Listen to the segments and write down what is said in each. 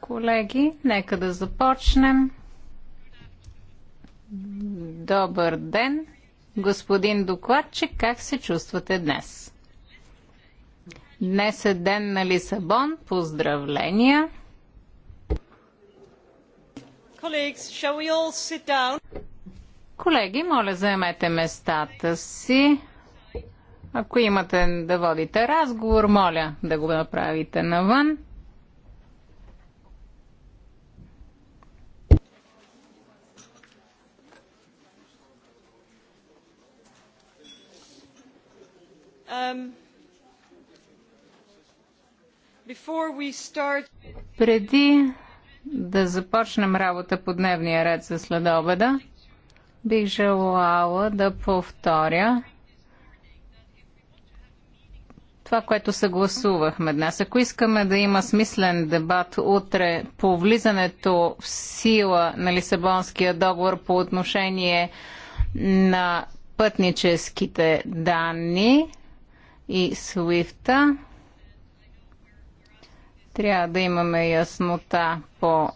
Колеги, нека да започнем. Добър ден, господин докладчик, как се чувствате днес? Днес е ден на Лисабон, поздравления. Колеги, моля заемете местата си. Ако имате да водите разговор, моля да го направите навън. Um, Преди да започнем работа по дневния ред за следобеда, бих желала да повторя това, което съгласувахме днес. Ако искаме да има смислен дебат утре по влизането в сила на Лисабонския договор по отношение на пътническите данни и Свифта, трябва да имаме яснота по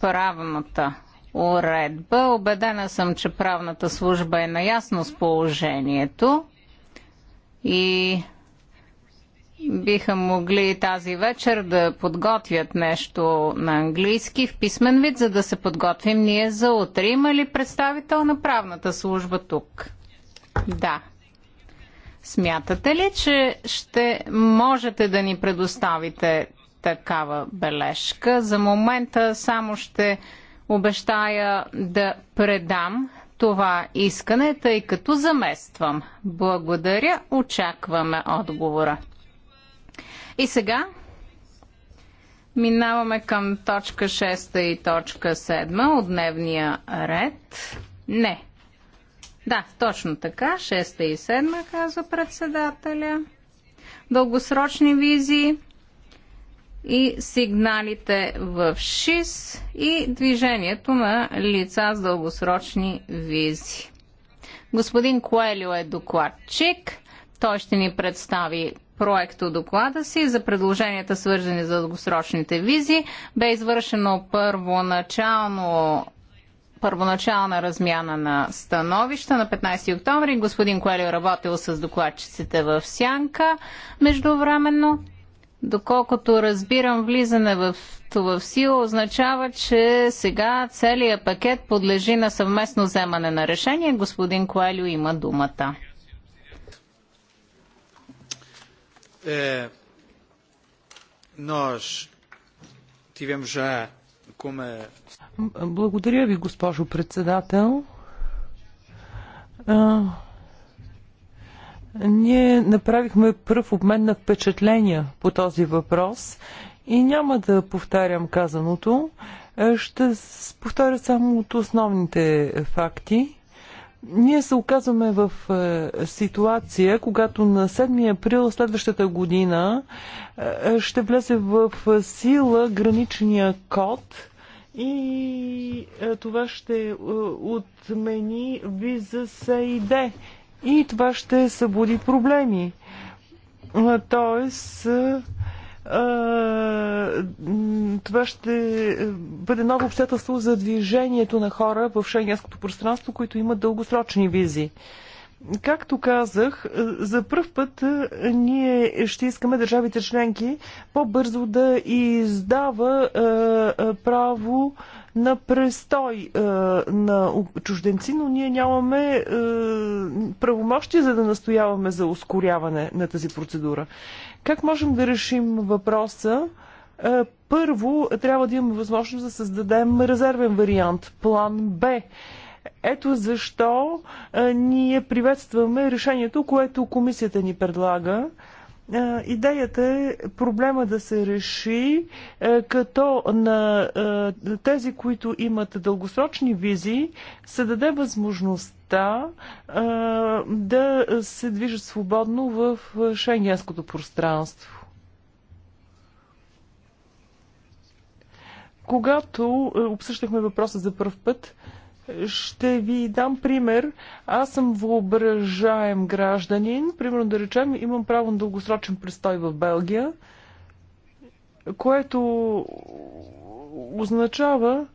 правната уредба. Обедена съм, че правната служба е наясно с положението и биха могли тази вечер да подготвят нещо на английски в писмен вид, за да се подготвим ние за утре. Има ли представител на правната служба тук? Да. Смятате ли, че ще можете да ни предоставите такава бележка? За момента само ще обещая да предам това искане, тъй като замествам. Благодаря, очакваме отговора. И сега минаваме към точка 6 и точка 7 от дневния ред. Не. Да, точно така. 6 и 7, казва председателя. Дългосрочни визии и сигналите в ШИС и движението на лица с дългосрочни визи. Господин Коелио е докладчик. Той ще ни представи проекта доклада си за предложенията свързани за дългосрочните визи. Бе извършено първоначално първоначална размяна на становища на 15 октомври. Господин Коелио работил с докладчиците в Сянка междувременно. Доколкото разбирам, влизане в в сила означава, че сега целият пакет подлежи на съвместно вземане на решение. Господин Коелио има думата. Nós tivemos já como Благодаря ви, госпожо председател. А, ние направихме пръв обмен на впечатления по този въпрос и няма да повтарям казаното. Ще повторя само от основните факти. Ние се оказваме в е, ситуация, когато на 7 април следващата година е, ще влезе в сила граничния код и е, това ще отмени виза СИД. И това ще събуди проблеми. Тоест, това ще бъде ново обстоятелство за движението на хора в шенгенското пространство, които имат дългосрочни визи. Както казах, е, за първ път е, ние ще искаме държавите членки по-бързо да издава е, право на престой е, на чужденци, но ние нямаме е, правомощи за да настояваме за ускоряване на тази процедура. Как можем да решим въпроса? Е, първо, трябва да имаме възможност да създадем резервен вариант, план Б. Ето защо ние приветстваме решението, което комисията ни предлага. Идеята е проблема да се реши, като на тези, които имат дългосрочни визи, се даде възможността да се движат свободно в шенгенското пространство. Когато обсъщахме въпроса за първ път, ще ви дам пример. Аз съм въображаем гражданин. Примерно да речем, имам право на дългосрочен престой в Белгия, което означава,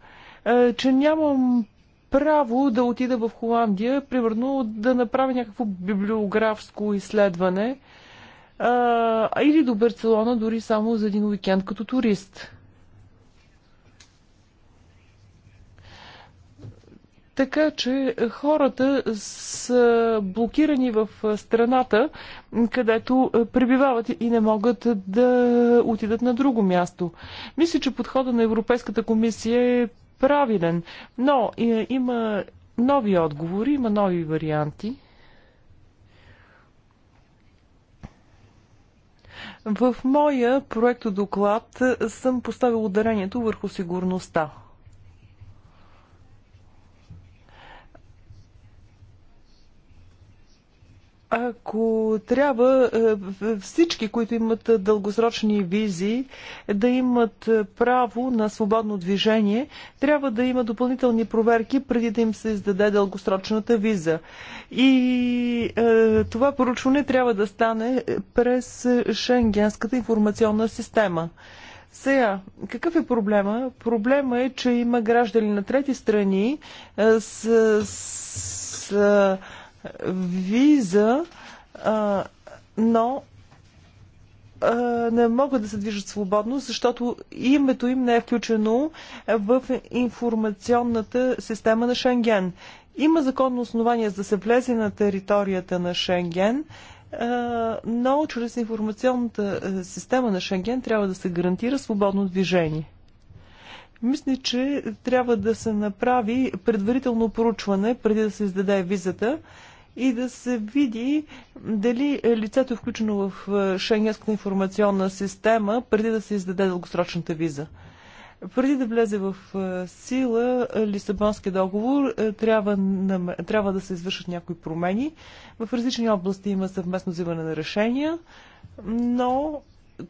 е, че нямам право да отида в Холандия, примерно да направя някакво библиографско изследване а, е, или до Барселона дори само за един уикенд като турист. Така че хората са блокирани в страната, където пребивават и не могат да отидат на друго място. Мисля, че подхода на Европейската комисия е правилен, но има нови отговори, има нови варианти. В моя проектодоклад съм поставил ударението върху сигурността. Ако трябва е, всички, които имат дългосрочни визии, да имат право на свободно движение, трябва да има допълнителни проверки преди да им се издаде дългосрочната виза. И е, това поручване трябва да стане през Шенгенската информационна система. Сега, какъв е проблема? Проблема е, че има граждани на трети страни е, с, с виза, а, но а, не могат да се движат свободно, защото името им не е включено в информационната система на Шенген. Има законно основание за да се влезе на територията на Шенген, но чрез информационната система на Шенген трябва да се гарантира свободно движение. Мисля, че трябва да се направи предварително поручване преди да се издаде визата, и да се види дали лицето е включено в е, Шенгенската информационна система преди да се издаде дългосрочната виза. Преди да влезе в е, сила е, Лисабонския договор, трябва, трябва да се извършат някои промени. В различни области има съвместно взимане на решения, но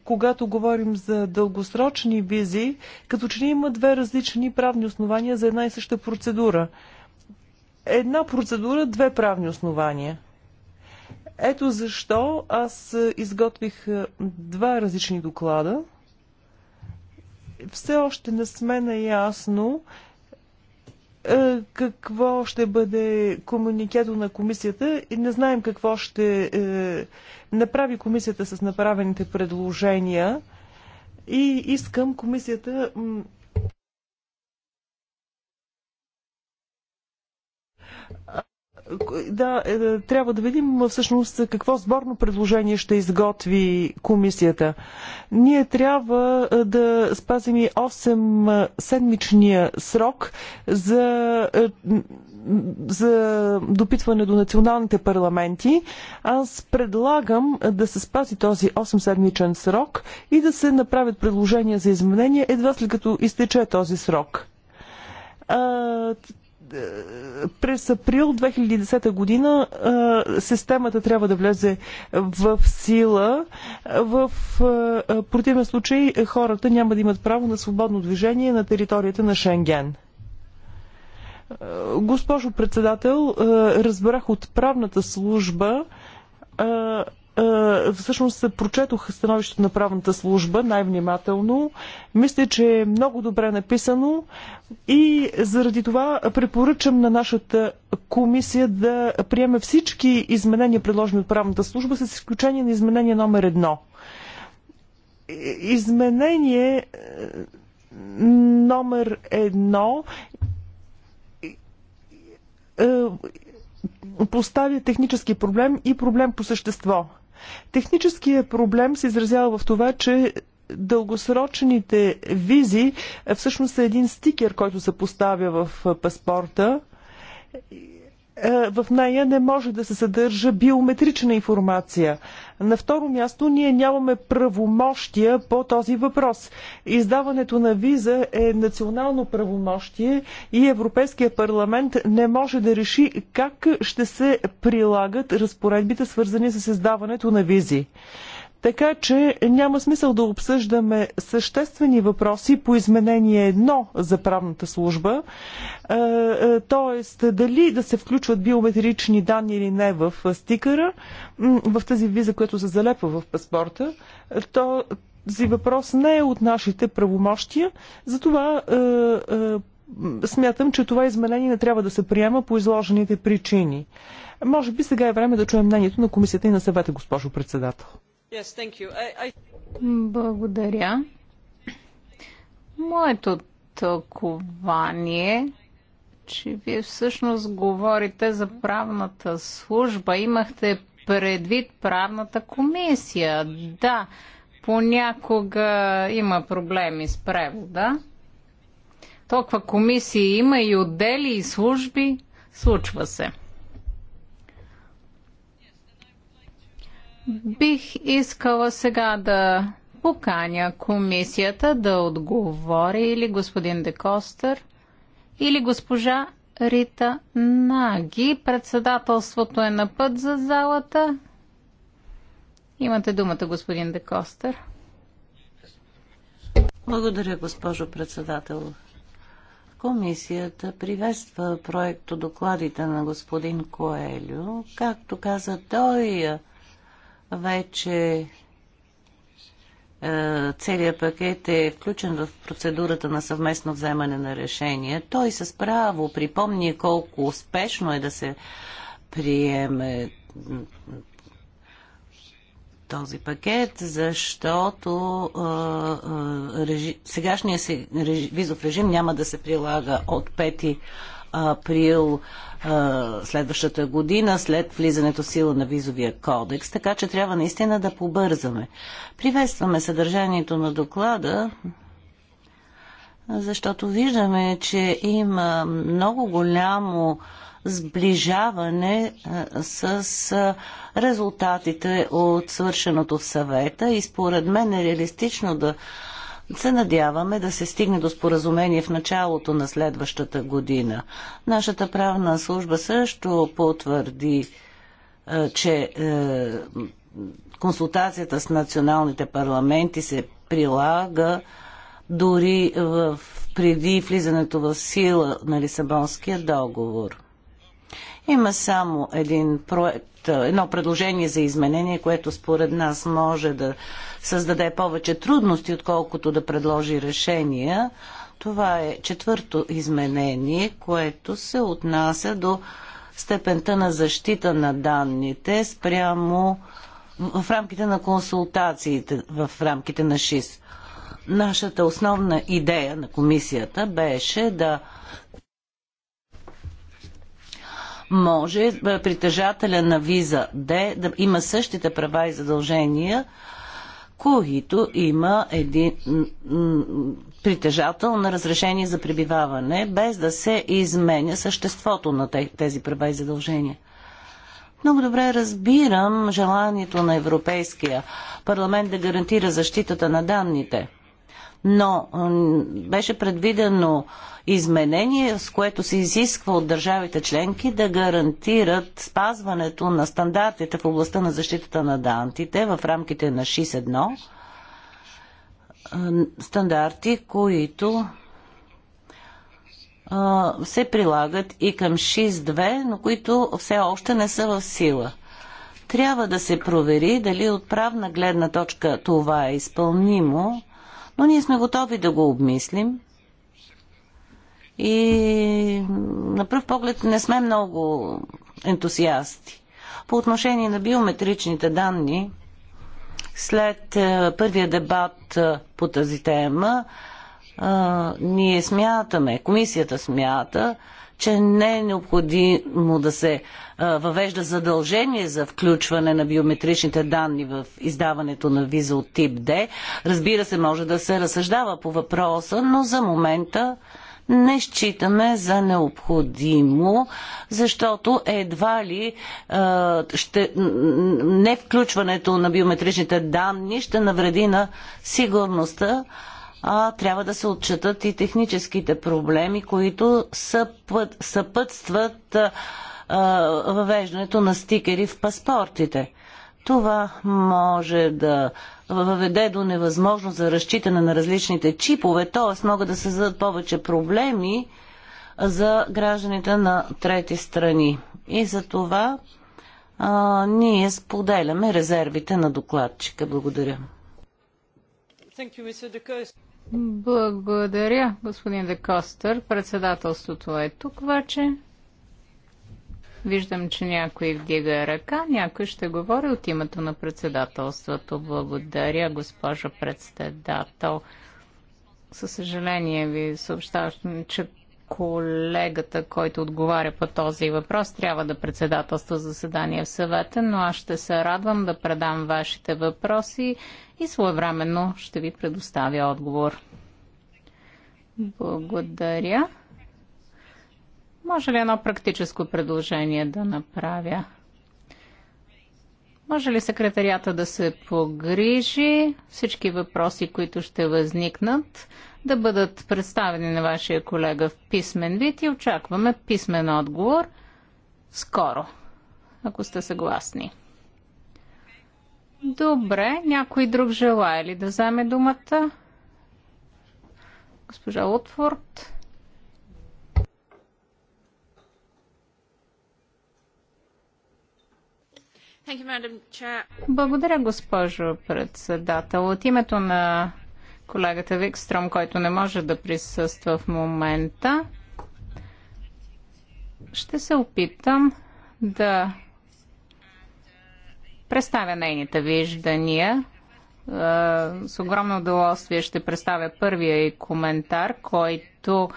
когато говорим за дългосрочни визи, като че има две различни правни основания за една и съща процедура – Една процедура, две правни основания. Ето защо аз е, изготвих е, два различни доклада. Все още не сме наясно е, какво ще бъде комуникето на комисията и не знаем какво ще направи комисията с направените предложения. И искам комисията Е, да, трябва да видим всъщност какво сборно предложение ще изготви комисията. Ние трябва да спазим и 8 седмичния срок за, за допитване до националните парламенти. Аз предлагам да се спази този 8 седмичен срок и да се направят предложения за изменения едва след като изтече този срок през април 2010 година системата трябва да влезе в сила. В противен случай хората няма да имат право на свободно движение на територията на Шенген. Госпожо председател, разбрах от правната служба, е, всъщност прочетох становището на правната служба най-внимателно. Мисля, че е много добре написано и заради това препоръчам на нашата комисия да приеме всички изменения, предложени от правната служба, с изключение на изменение номер едно. Изменение е, номер едно е, поставя технически проблем и проблем по същество – Техническият проблем се изразява в това, че дългосрочните визи всъщност са един стикер, който се поставя в паспорта е, в нея не може да се съдържа биометрична информация. На второ място, ние нямаме правомощия по този въпрос. Издаването на виза е национално правомощие и Европейския парламент не може да реши как ще се прилагат разпоредбите, свързани с издаването на визи. Така че няма смисъл да обсъждаме съществени въпроси по изменение едно за правната служба, т.е. Е, дали да се включват биометрични данни или не в стикъра, в тази виза, която се залепва в паспорта, то този въпрос не е от нашите правомощия, затова е, е, смятам, че това изменение не трябва да се приема по изложените причини. Може би сега е време да чуем мнението на комисията и на съвета, госпожо председател. Благодаря. Моето тълкование е, че вие всъщност говорите за правната служба. Имахте предвид правната комисия. Да, понякога има проблеми с превода. Толкова комисии има и отдели и служби. Случва се. Бих искала сега да поканя комисията да отговори или господин Декостър, или госпожа Рита Наги. Председателството е на път за залата. Имате думата, господин Декостър. Благодаря, госпожо председател. Комисията приветства проекто докладите на господин Коелю. Както каза той, вече е, целият пакет е включен в процедурата на съвместно вземане на решение. Той с право припомни колко успешно е да се приеме този пакет, защото е, е, сегашният си визов режим няма да се прилага от 5 април следващата година, след влизането в сила на визовия кодекс, така че трябва наистина да побързаме. Приветстваме съдържанието на доклада, защото виждаме, че има много голямо сближаване с резултатите от свършеното в съвета и според мен е реалистично да се надяваме да се стигне до споразумение в началото на следващата година. Нашата правна служба също потвърди, е, че е, консултацията с националните парламенти се прилага дори в, преди влизането в сила на Лисабонския договор. Има само един проект, едно предложение за изменение, което според нас може да създаде повече трудности, отколкото да предложи решения. Това е четвърто изменение, което се отнася до степента на защита на данните спрямо в рамките на консултациите в рамките на ШИС. Нашата основна идея на комисията беше да може е, притежателя на виза Д да има същите права и задължения, които има един притежател на разрешение за пребиваване, без да се изменя съществото на тези права и задължения. Много добре разбирам желанието на Европейския парламент да гарантира защитата на данните – но беше предвидено изменение, с което се изисква от държавите членки да гарантират спазването на стандартите в областта на защитата на дантите в рамките на 6.1 стандарти, които се прилагат и към 6-2, но които все още не са в сила. Трябва да се провери дали от правна гледна точка това е изпълнимо но ние сме готови да го обмислим. И на пръв поглед не сме много ентусиасти. По отношение на биометричните данни, след е, първия дебат е, по тази тема, е, ние смятаме, комисията смята, че не е необходимо да се въвежда задължение за включване на биометричните данни в издаването на виза от тип Д. Разбира се, може да се разсъждава по въпроса, но за момента не считаме за необходимо, защото едва ли ще, не включването на биометричните данни ще навреди на сигурността, а трябва да се отчетат и техническите проблеми, които съпът, съпътстват а, въвеждането на стикери в паспортите. Това може да въведе до невъзможност за разчитане на различните чипове, т.е. могат да се създадат повече проблеми за гражданите на трети страни. И за това а, ние споделяме резервите на докладчика. Благодаря. Благодаря, господин Декостър. Председателството е тук вече. Виждам, че някой вдига ръка, някой ще говори от името на председателството. Благодаря, госпожо председател. Със съжаление ви съобщавам, че колегата, който отговаря по този въпрос, трябва да председателства заседание в съвета, но аз ще се радвам да предам вашите въпроси и своевременно ще ви предоставя отговор. Благодаря. Може ли едно практическо предложение да направя? Може ли секретарията да се погрижи всички въпроси, които ще възникнат, да бъдат представени на вашия колега в писмен вид и очакваме писмен отговор скоро, ако сте съгласни. Добре, някой друг желая ли да вземе думата? Госпожа Лотфорд. Благодаря, госпожо председател. От името на колегата Викстром, който не може да присъства в момента, ще се опитам да представя нейните виждания. Е, с огромно удоволствие ще представя първия и коментар, който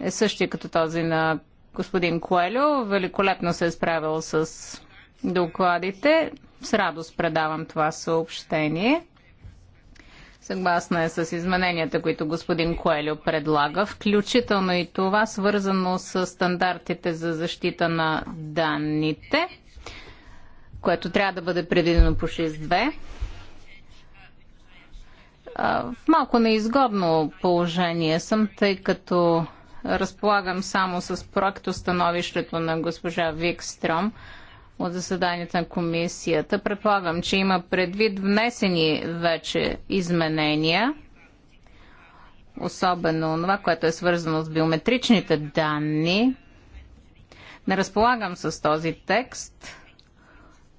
е същия като този на господин Коелю. Великолепно се е справил с докладите. С радост предавам това съобщение. Съгласна е с измененията, които господин Коелю предлага, включително и това свързано с стандартите за защита на данните което трябва да бъде предвидено по 6.2. В малко неизгодно положение съм, тъй като разполагам само с проекто становището на госпожа Викстром от заседанието на комисията. Предполагам, че има предвид внесени вече изменения, особено това, което е свързано с биометричните данни. Не разполагам с този текст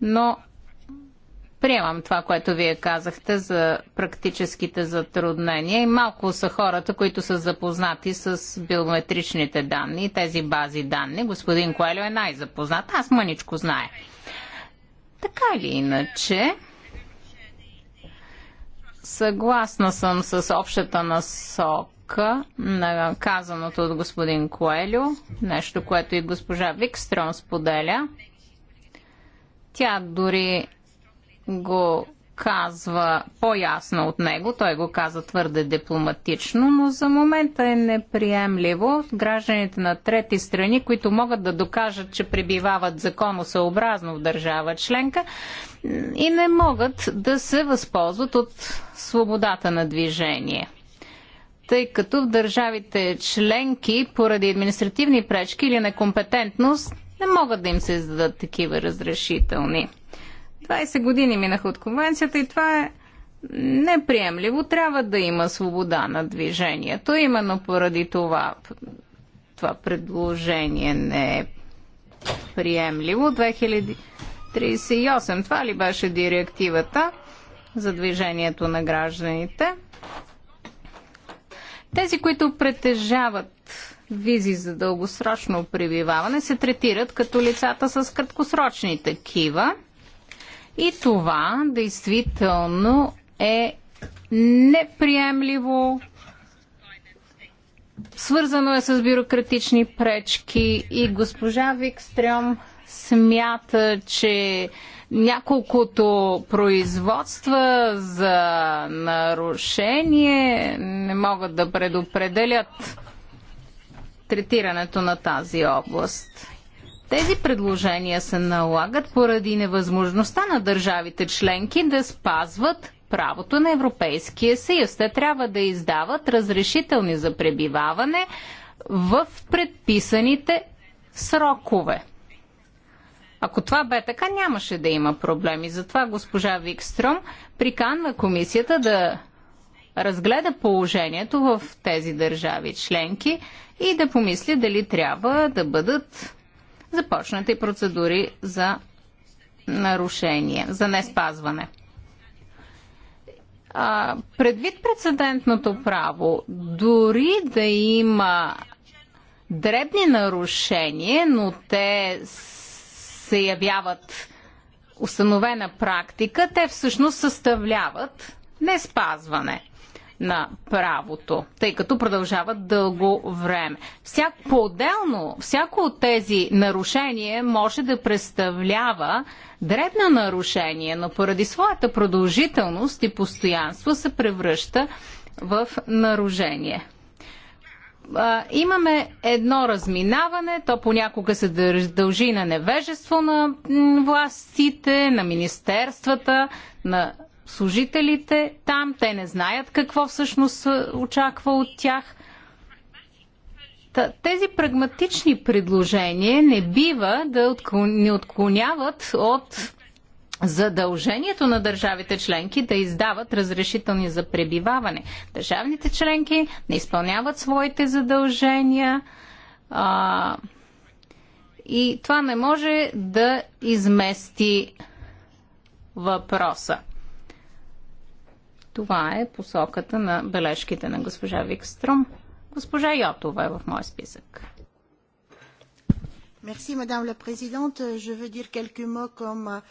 но приемам това, което вие казахте за практическите затруднения и малко са хората, които са запознати с биометричните данни, тези бази данни. Господин Коелю е най-запознат, аз мъничко знае. Така ли иначе, съгласна съм с общата насока на казаното от господин Коелю, нещо, което и госпожа Викстрон споделя – тя дори го казва по-ясно от него. Той го каза твърде дипломатично, но за момента е неприемливо гражданите на трети страни, които могат да докажат, че пребивават законосъобразно в държава членка и не могат да се възползват от свободата на движение тъй като в държавите членки поради административни пречки или некомпетентност не могат да им се издадат такива разрешителни. 20 години минаха от конвенцията и това е неприемливо. Трябва да има свобода на движението. Именно поради това това предложение не е приемливо. 2038, това ли беше директивата за движението на гражданите? Тези, които притежават визи за дългосрочно пребиваване се третират като лицата с краткосрочни такива. И това действително е неприемливо. Свързано е с бюрократични пречки и госпожа Викстрем смята, че няколкото производства за нарушение не могат да предопределят третирането на тази област. Тези предложения се налагат поради невъзможността на държавите членки да спазват правото на Европейския съюз. Те трябва да издават разрешителни за пребиваване в предписаните срокове. Ако това бе така, нямаше да има проблеми. Затова госпожа Викстром приканва комисията да разгледа положението в тези държави членки и да помисли дали трябва да бъдат започнати процедури за нарушение, за неспазване. А, предвид прецедентното право, дори да има дребни нарушения, но те се явяват установена практика, те всъщност съставляват неспазване на правото, тъй като продължават дълго време. Всяк, по-отделно, всяко от тези нарушения може да представлява дребно нарушение, но поради своята продължителност и постоянство се превръща в нарушение имаме едно разминаване, то понякога се дължи на невежество на властите, на министерствата, на служителите там. Те не знаят какво всъщност очаква от тях. Тези прагматични предложения не бива да не отклоняват от задължението на държавите членки да издават разрешителни за пребиваване. Държавните членки не изпълняват своите задължения а, и това не може да измести въпроса. Това е посоката на бележките на госпожа Викстром. Госпожа Йотова е в моя списък. Мерси, мадам ла президент. Je veux dire quelques mots comme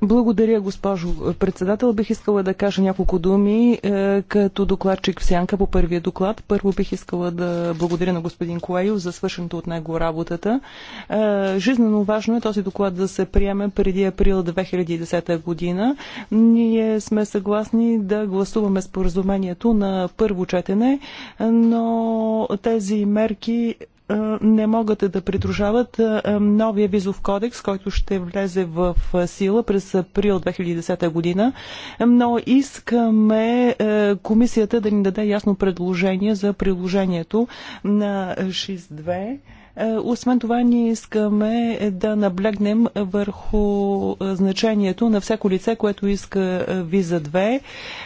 благодаря, госпожо председател. Бих искала да кажа няколко думи е, като докладчик в сянка по първия доклад. Първо бих искала да благодаря на господин Коейо за свършеното от него работата. Е, Жизненно важно е този доклад да се приеме преди април 2010 година. Ние сме съгласни да гласуваме споразумението на първо четене, но тези мерки не могат да придружават новия визов кодекс, който ще влезе в сила през април 2010 година, но искаме комисията да ни даде ясно предложение за приложението на 6.2. Освен това, ние искаме да наблегнем върху значението на всяко лице, което иска виза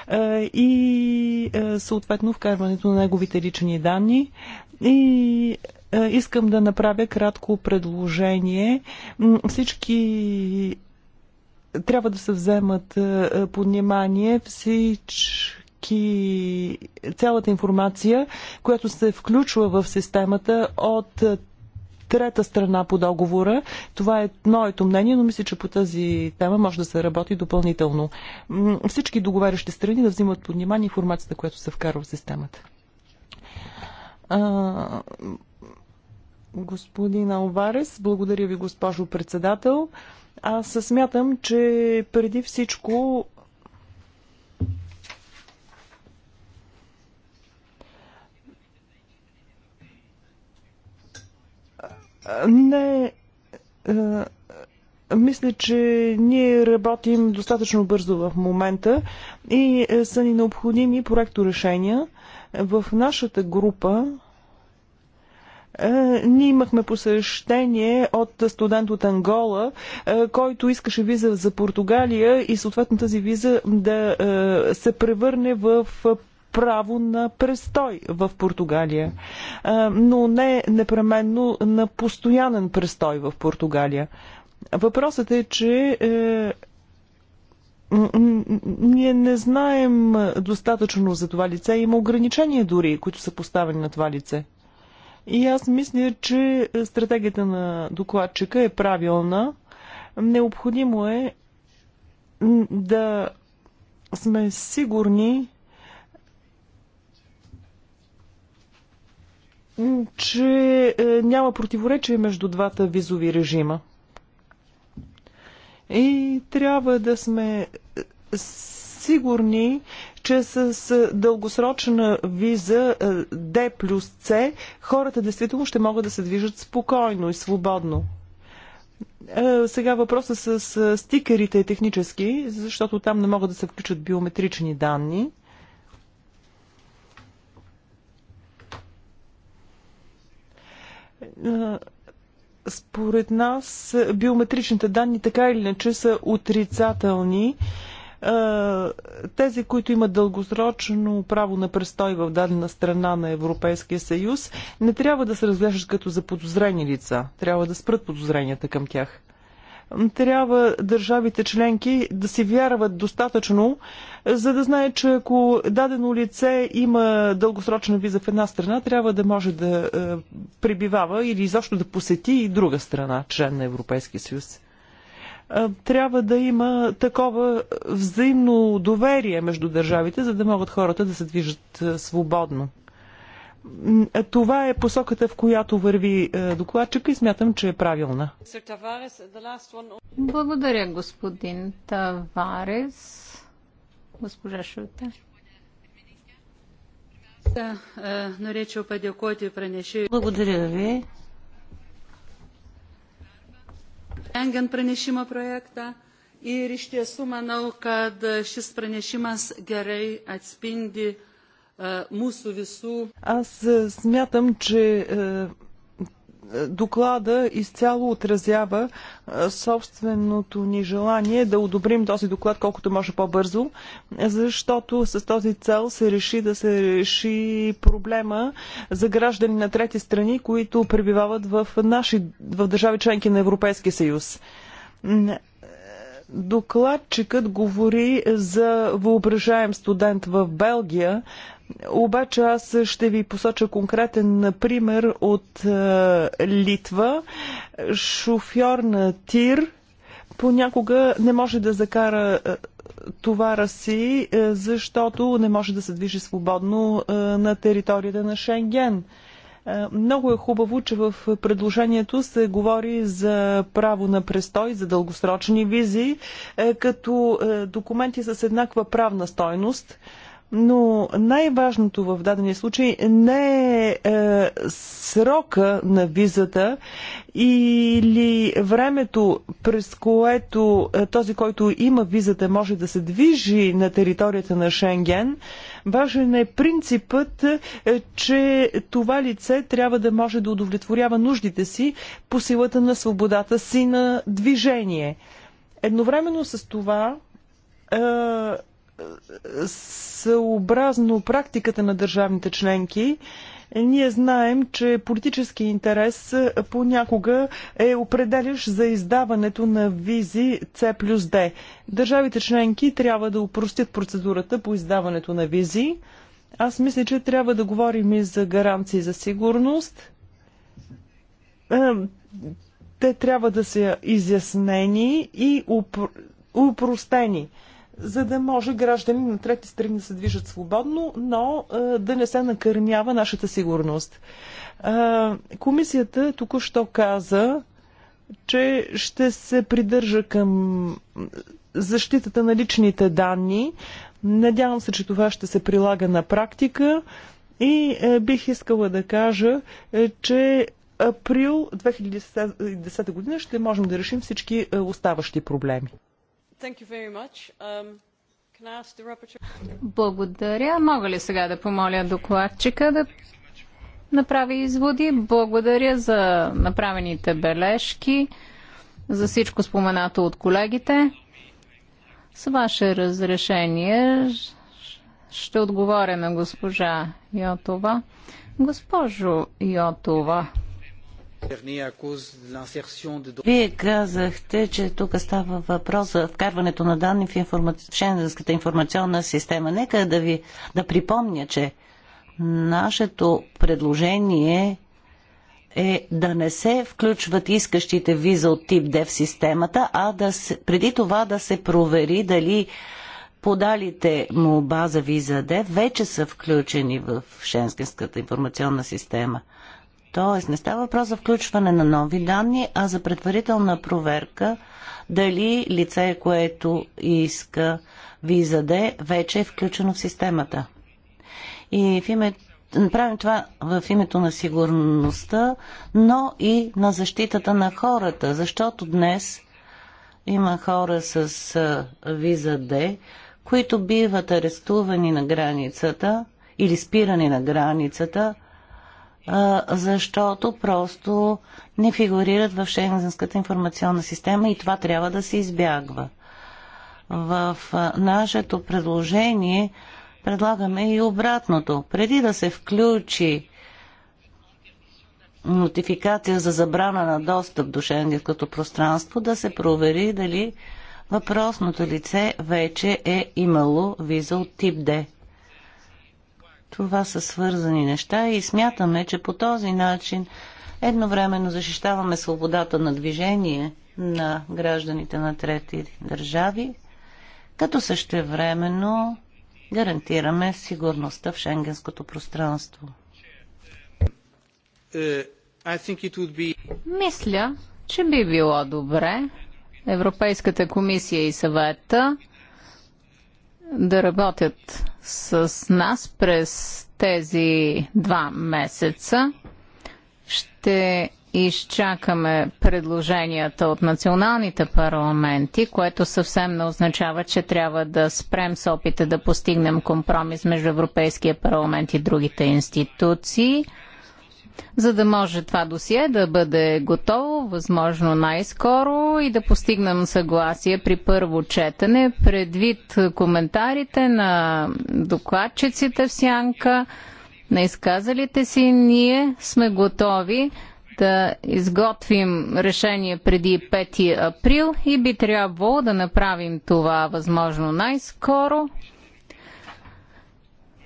2 и съответно вкарването на неговите лични данни. И е, искам да направя кратко предложение. Всички трябва да се вземат е, под внимание всички цялата информация, която се включва в системата от е, трета страна по договора. Това е моето мнение, но мисля, че по тази тема може да се работи допълнително. Всички договарящи страни да взимат под внимание информацията, която се вкарва в системата Господин Алварес, благодаря ви, госпожо председател. Аз смятам, че преди всичко Не. Е, мисля, че ние работим достатъчно бързо в момента и е, са ни необходими проекторешения. В нашата група е, ние имахме посещение от студент от Ангола, е, който искаше виза за Португалия и съответно тази виза да е, се превърне в право на престой в Португалия, но не непременно на постоянен престой в Португалия. Въпросът е, че ние не знаем достатъчно за това лице. Има ограничения дори, които са поставени на това лице. И аз мисля, че стратегията на докладчика е правилна. Необходимо е да сме сигурни, че е, няма противоречие между двата визови режима. И трябва да сме сигурни, че с дългосрочна виза е, D плюс C хората действително ще могат да се движат спокойно и свободно. Е, сега въпросът с стикерите е технически, защото там не могат да се включат биометрични данни. Е, според нас биометричните данни така или иначе са отрицателни е, тези, които имат дългосрочно право на престой в дадена страна на Европейския съюз, не трябва да се разглеждат като заподозрени лица. Трябва да спрат подозренията към тях. Трябва държавите членки да си вярват достатъчно, за да знае, че ако дадено лице има дългосрочна виза в една страна, трябва да може да е, пребивава или изобщо да посети и друга страна, член на Европейския съюз трябва да има такова взаимно доверие между държавите, за да могат хората да се движат свободно. Това е посоката, в която върви докладчика и смятам, че е правилна. Благодаря, господин Таварес. Госпожа Шута. Е, Благодаря ви. Rengiant pranešimo projektą ir iš tiesų manau, kad šis pranešimas gerai atspindi mūsų visų. Аз смятам, че доклада изцяло отразява собственото ни желание да одобрим този доклад колкото може по-бързо, защото с този цел се реши да се реши проблема за граждани на трети страни, които пребивават в, наши, в държави членки на Европейския съюз. Докладчикът говори за въображаем студент в Белгия, обаче аз ще ви посоча конкретен пример от е, Литва. Шофьор на тир понякога не може да закара е, товара си, е, защото не може да се движи свободно на територията на Шенген. Е, много е хубаво, че в предложението се говори за право на престой, за дългосрочни визи, е, като е, документи с еднаква правна стойност но най-важното в дадения случай не е, е срока на визата или времето, през което е, този, който има визата, може да се движи на територията на Шенген. Важен е принципът, е, че това лице трябва да може да удовлетворява нуждите си по силата на свободата си на движение. Едновременно с това е, съобразно практиката на държавните членки, ние знаем, че политически интерес понякога е определящ за издаването на визи C плюс D. Държавите членки трябва да упростят процедурата по издаването на визи. Аз мисля, че трябва да говорим и за гаранции за сигурност. Е, те трябва да са изяснени и упростени. Упр за да може граждани на трети страни да се движат свободно, но да не се накърнява нашата сигурност. Комисията току-що каза, че ще се придържа към защитата на личните данни. Надявам се, че това ще се прилага на практика и е, бих искала да кажа, е, че април 2010 година ще можем да решим всички е, оставащи проблеми. Um, Благодаря. Мога ли сега да помоля докладчика да направи изводи? Благодаря за направените бележки, за всичко споменато от колегите. С ваше разрешение ще отговоря на госпожа Йотова. Госпожо Йотова, вие казахте, че тук става въпрос за вкарването на данни в, Шенгенската информационна система. Нека да ви да припомня, че нашето предложение е да не се включват искащите виза от тип D в системата, а да се, преди това да се провери дали подалите му база виза D вече са включени в Шенгенската информационна система. Тоест не става въпрос за включване на нови данни, а за предварителна проверка дали лице, което иска визаде, вече е включено в системата. И в име... правим това в името на сигурността, но и на защитата на хората, защото днес има хора с виза Д, които биват арестувани на границата или спирани на границата защото просто не фигурират в Шенгенската информационна система и това трябва да се избягва. В нашето предложение предлагаме и обратното. Преди да се включи нотификация за забрана на достъп до шенгенското пространство, да се провери дали въпросното лице вече е имало виза от тип Д. Това са свързани неща и смятаме, че по този начин едновременно защищаваме свободата на движение на гражданите на трети държави, като същевременно гарантираме сигурността в шенгенското пространство. Е, Мисля, че би било добре Европейската комисия и съвета да работят с нас през тези два месеца. Ще изчакаме предложенията от националните парламенти, което съвсем не означава, че трябва да спрем с опита да постигнем компромис между Европейския парламент и другите институции за да може това досие да бъде готово, възможно най-скоро и да постигнем съгласие при първо четене, предвид коментарите на докладчиците в Сянка, на изказалите си, ние сме готови да изготвим решение преди 5 април и би трябвало да направим това възможно най-скоро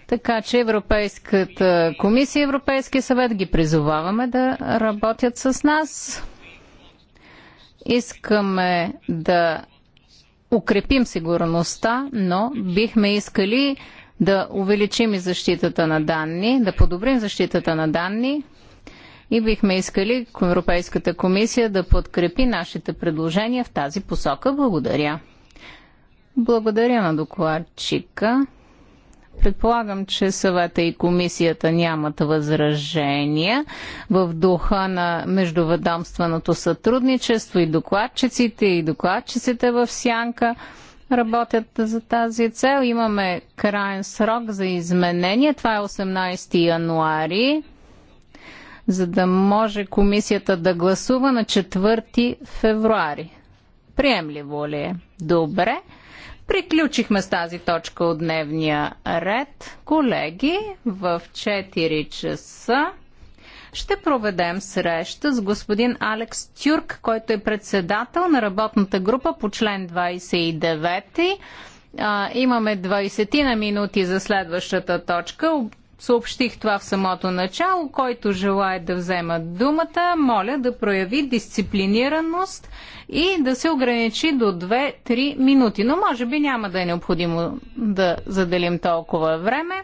така че Европейската комисия и Европейския съвет ги призоваваме да работят с нас. Искаме да укрепим сигурността, но бихме искали да увеличим и защитата на данни, да подобрим защитата на данни и бихме искали Европейската комисия да подкрепи нашите предложения в тази посока. Благодаря. Благодаря на докладчика. Предполагам, че съвета и комисията нямат възражения в духа на междуведомственото сътрудничество и докладчиците и докладчиците в сянка работят за тази цел. Имаме крайен срок за изменение. Това е 18 януари, за да може комисията да гласува на 4 февруари. Приемливо ли е? Добре. Приключихме с тази точка от дневния ред. Колеги, в 4 часа ще проведем среща с господин Алекс Тюрк, който е председател на работната група по член 29. имаме 20 на минути за следващата точка съобщих това в самото начало. Който желая да взема думата, моля да прояви дисциплинираност и да се ограничи до 2-3 минути. Но може би няма да е необходимо да заделим толкова време.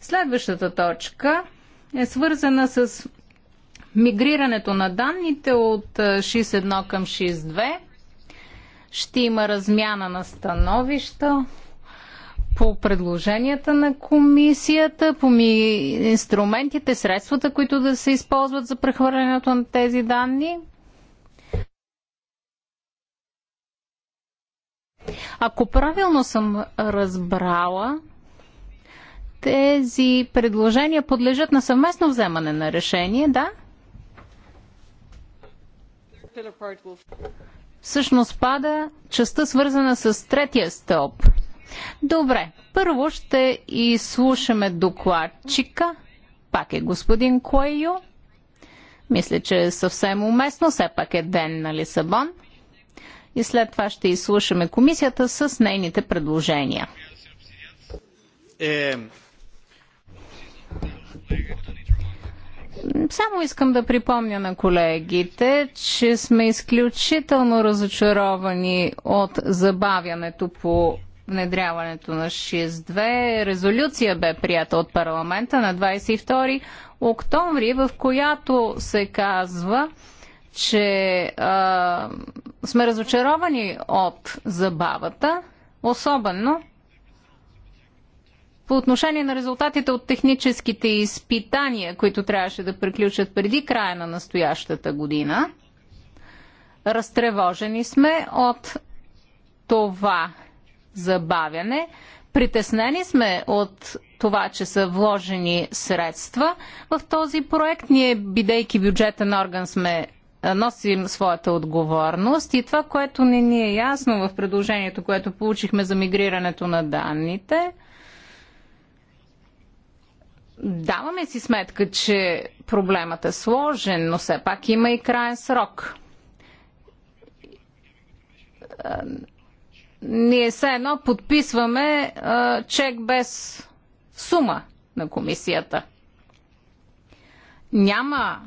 Следващата точка е свързана с мигрирането на данните от 6.1 към 6.2. Ще има размяна на становища по предложенията на комисията, по ми инструментите, средствата, които да се използват за прехвърлянето на тези данни? Ако правилно съм разбрала, тези предложения подлежат на съвместно вземане на решение, да? Всъщност пада частта свързана с третия стълб – Добре, първо ще изслушаме докладчика. Пак е господин Койо. Мисля, че е съвсем уместно, все пак е ден на Лисабон. И след това ще изслушаме комисията с нейните предложения. Е... Само искам да припомня на колегите, че сме изключително разочаровани от забавянето по внедряването на 6.2. Резолюция бе прията от парламента на 22 октомври, в която се казва, че а, сме разочаровани от забавата, особено по отношение на резултатите от техническите изпитания, които трябваше да приключат преди края на настоящата година. Разтревожени сме от това, забавяне. Притеснени сме от това, че са вложени средства в този проект. Ние, бидейки бюджетен орган, сме носим своята отговорност и това, което не ни е ясно в предложението, което получихме за мигрирането на данните, даваме си сметка, че проблемът е сложен, но все пак има и крайен срок ние все едно подписваме а, чек без сума на комисията. Няма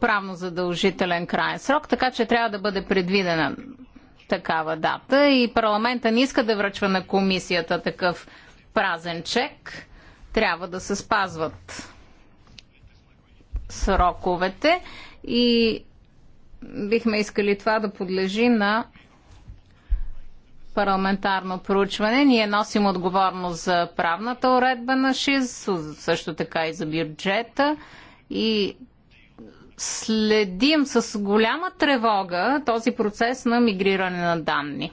правно задължителен крайен срок, така че трябва да бъде предвидена такава дата и парламента не иска да връчва на комисията такъв празен чек. Трябва да се спазват сроковете и бихме искали това да подлежи на парламентарно проучване. Ние носим отговорност за правната уредба на ШИЗ, също така и за бюджета и следим с голяма тревога този процес на мигриране на данни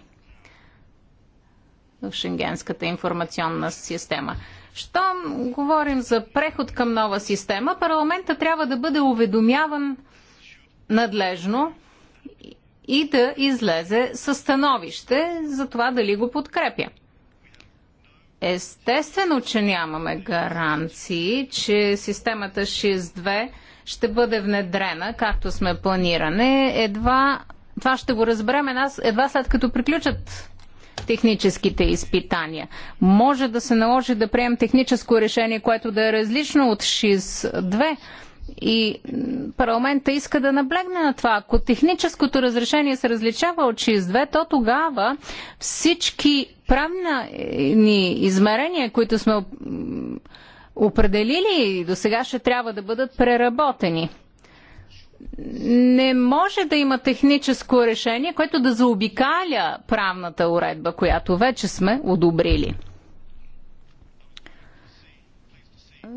в Шенгенската информационна система. Щом говорим за преход към нова система, парламента трябва да бъде уведомяван надлежно и да излезе със становище за това дали го подкрепя. Естествено, че нямаме гаранции, че системата 6.2 ще бъде внедрена, както сме планиране. Едва това ще го разберем едва след като приключат техническите изпитания. Може да се наложи да приемем техническо решение, което да е различно от 6.2, и парламента иска да наблегне на това. Ако техническото разрешение се различава от 6.2, то тогава всички правни измерения, които сме определили до сега, ще трябва да бъдат преработени не може да има техническо решение, което да заобикаля правната уредба, която вече сме одобрили.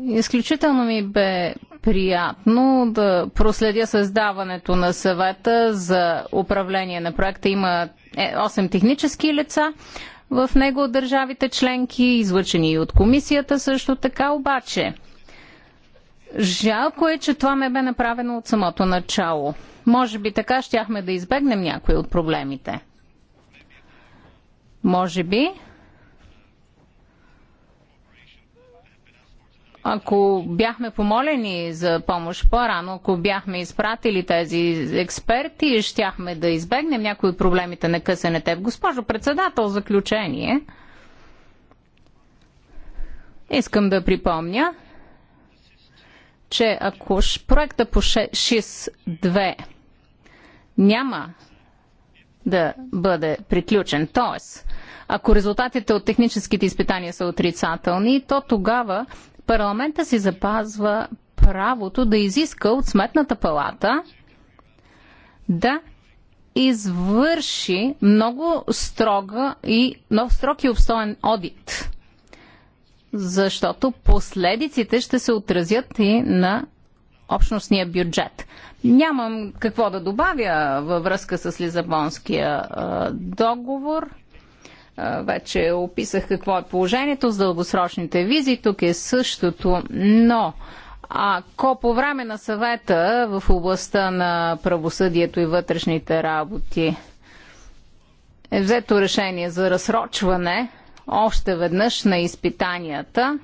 Изключително ми бе приятно да проследя създаването на съвета за управление на проекта. Има 8 е, технически лица в него от държавите членки, излъчени и от комисията също така, обаче жалко е, че това не бе направено от самото начало. Може би така щяхме да избегнем някои от проблемите. Може би Ако бяхме помолени за помощ по-рано, ако бяхме изпратили тези експерти, щяхме да избегнем някои от проблемите на късенете. Госпожо председател, заключение. Искам да припомня, че ако проекта по 6.2 няма да бъде приключен, т.е. ако резултатите от техническите изпитания са отрицателни, то тогава парламента си запазва правото да изиска от Сметната палата да извърши много строга и много строг и обстоен одит. Защото последиците ще се отразят и на общностния бюджет. Нямам какво да добавя във връзка с Лизабонския договор. Вече описах какво е положението с дългосрочните визи. Тук е същото, но ако по време на съвета в областта на правосъдието и вътрешните работи е взето решение за разсрочване още веднъж на изпитанията,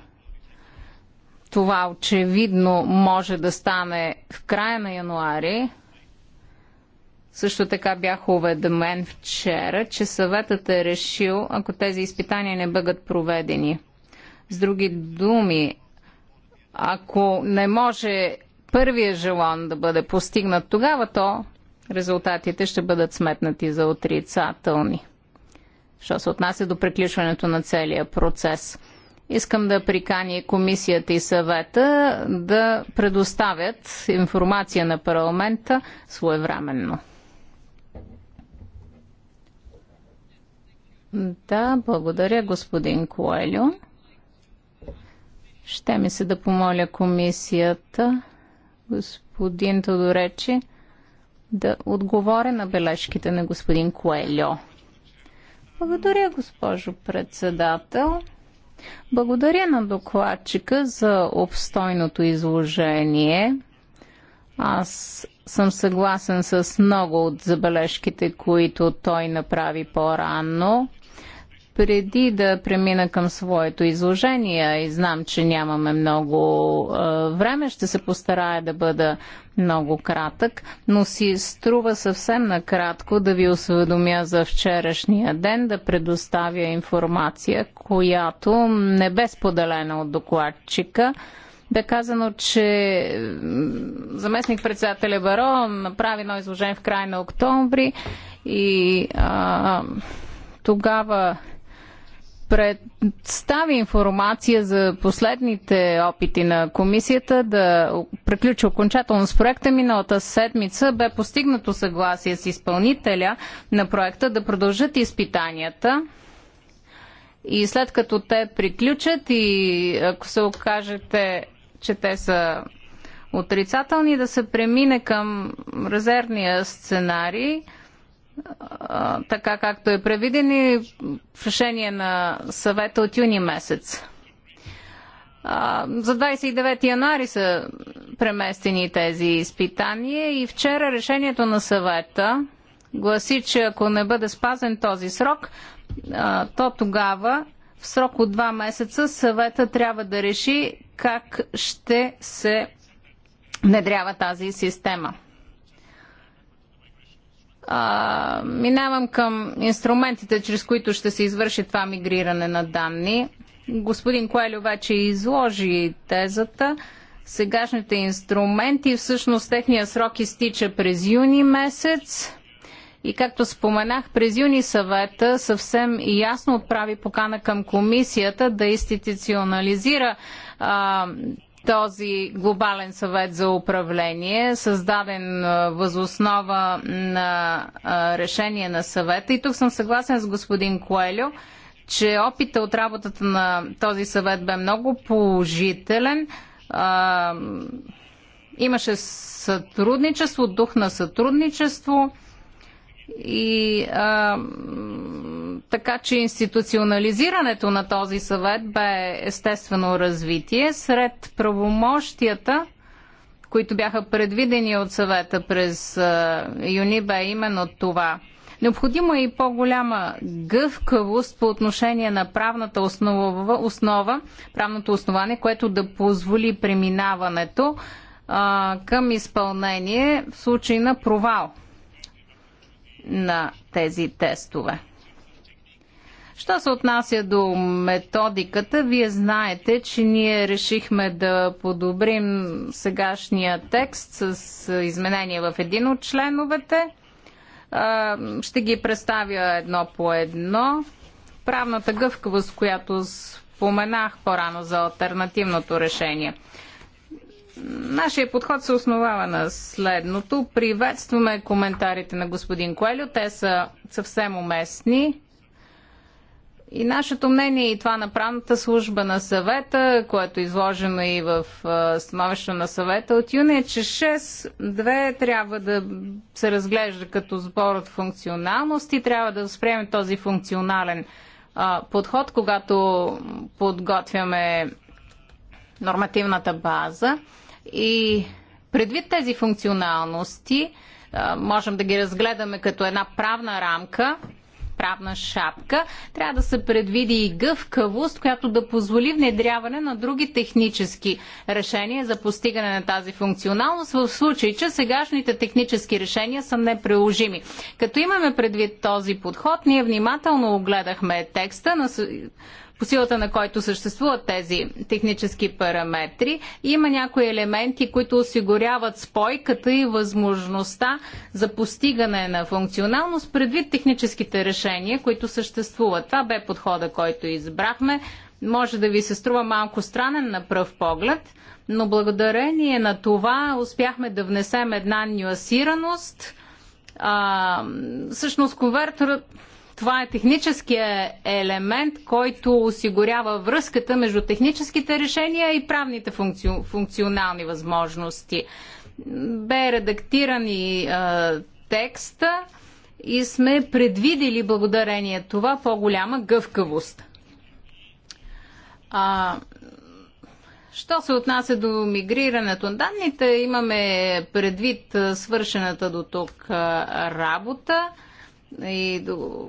това очевидно може да стане в края на януари, също така бях уведомен вчера, че съветът е решил, ако тези изпитания не бъдат проведени. С други думи, ако не може първия желан да бъде постигнат, тогава то резултатите ще бъдат сметнати за отрицателни. Що се отнася до приключването на целия процес. Искам да прикани комисията и съвета да предоставят информация на парламента своевременно. Да, благодаря, господин Коелю. Ще ми се да помоля комисията, господин Тодоречи, да отговоря на бележките на господин Коелю. Благодаря, госпожо председател. Благодаря на докладчика за обстойното изложение. Аз съм съгласен с много от забележките, които той направи по-рано. Преди да премина към своето изложение и знам, че нямаме много време, ще се постарая да бъда много кратък, но си струва съвсем накратко да ви осведомя за вчерашния ден, да предоставя информация, която не бе споделена от докладчика. е казано, че заместник председателя Баро направи едно изложение в край на октомври и а, тогава представи информация за последните опити на комисията да приключи окончателно с проекта. Миналата седмица бе постигнато съгласие с изпълнителя на проекта да продължат изпитанията. И след като те приключат и ако се окажете, че те са отрицателни, да се премине към резервния сценарий – така както е предвиден и в решение на съвета от юни месец. За 29 януари са преместени тези изпитания и вчера решението на съвета гласи, че ако не бъде спазен този срок, то тогава в срок от 2 месеца съвета трябва да реши как ще се внедрява тази система. А, минавам към инструментите, чрез които ще се извърши това мигриране на данни. Господин Коелю вече изложи тезата. Сегашните инструменти, всъщност техния срок изтича през юни месец. И както споменах, през юни съвета съвсем ясно отправи покана към комисията да институционализира а, този глобален съвет за управление, създаден възоснова на решение на съвета. И тук съм съгласен с господин Коелю, че опита от работата на този съвет бе много положителен. Имаше сътрудничество, дух на сътрудничество и а, така че институционализирането на този съвет бе естествено развитие. Сред правомощията, които бяха предвидени от съвета през а, юни, бе именно това. Необходимо е и по-голяма гъвкавост по отношение на правната основа, основа, правното основание, което да позволи преминаването а, към изпълнение в случай на провал на тези тестове. Що се отнася до методиката, вие знаете, че ние решихме да подобрим сегашния текст с изменения в един от членовете. Ще ги представя едно по едно. Правната гъвкавост, която споменах по-рано за альтернативното решение – Нашия подход се основава на следното. Приветстваме коментарите на господин Коелю. Те са съвсем уместни. И нашето мнение и това на правната служба на съвета, което е изложено и в становището на съвета от юни, е, че 6-2 трябва да се разглежда като сбор от и Трябва да спреме този функционален а, подход, когато подготвяме нормативната база. И предвид тези функционалности, можем да ги разгледаме като една правна рамка, правна шапка, трябва да се предвиди и гъвкавост, която да позволи внедряване на други технически решения за постигане на тази функционалност, в случай, че сегашните технически решения са неприложими. Като имаме предвид този подход, ние внимателно огледахме текста на по силата на който съществуват тези технически параметри. Има някои елементи, които осигуряват спойката и възможността за постигане на функционалност предвид техническите решения, които съществуват. Това бе подхода, който избрахме. Може да ви се струва малко странен на пръв поглед, но благодарение на това успяхме да внесем една нюансираност – а, всъщност това е техническия елемент, който осигурява връзката между техническите решения и правните функци... функционални възможности. Бе редактиран и а, текста и сме предвидели благодарение това по-голяма гъвкавост. А, Що се отнася до мигрирането на данните, имаме предвид свършената до тук работа и до,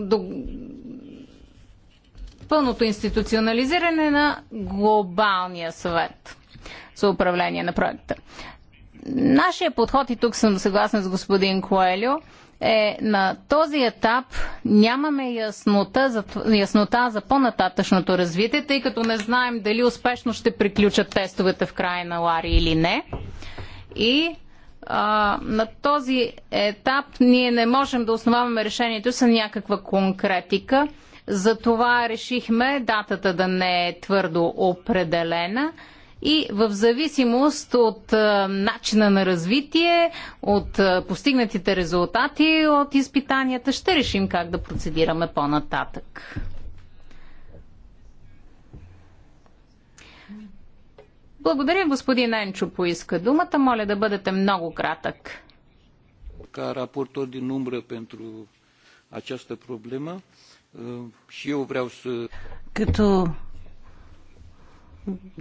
до пълното институционализиране на глобалния съвет за управление на проекта. Нашия подход, и тук съм съгласна с господин Коелю, е на този етап нямаме яснота за, яснота за по-нататъчното развитие, тъй като не знаем дали успешно ще приключат тестовете в края на Лари или не. И а, на този етап ние не можем да основаваме решението с някаква конкретика. Затова решихме датата да не е твърдо определена и в зависимост от а, начина на развитие, от а, постигнатите резултати от изпитанията, ще решим как да процедираме по-нататък. Благодаря, господин Енчо поиска думата. Моля да бъдете много кратък. Ca raportor din umbră pentru această problemă, uh, și eu vreau să... Като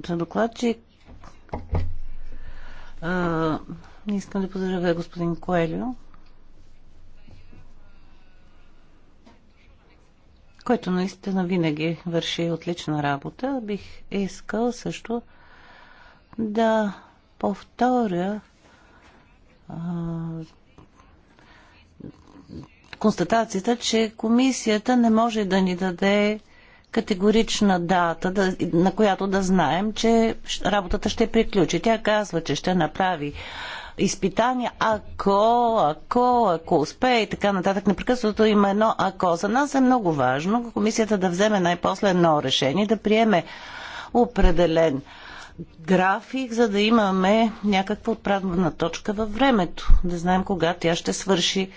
за докладчик а, uh, искам да поздравя господин Коелио, който наистина винаги върши отлична работа. Бих искал също да повторя а, констатацията, че комисията не може да ни даде категорична дата, да, на която да знаем, че работата ще приключи. Тя казва, че ще направи изпитания, ако, ако, ако успее и така нататък. Непрекъснато има едно ако. За нас е много важно комисията да вземе най-после едно решение, да приеме определен график, за да имаме някаква отправна точка във времето. Да знаем кога тя ще свърши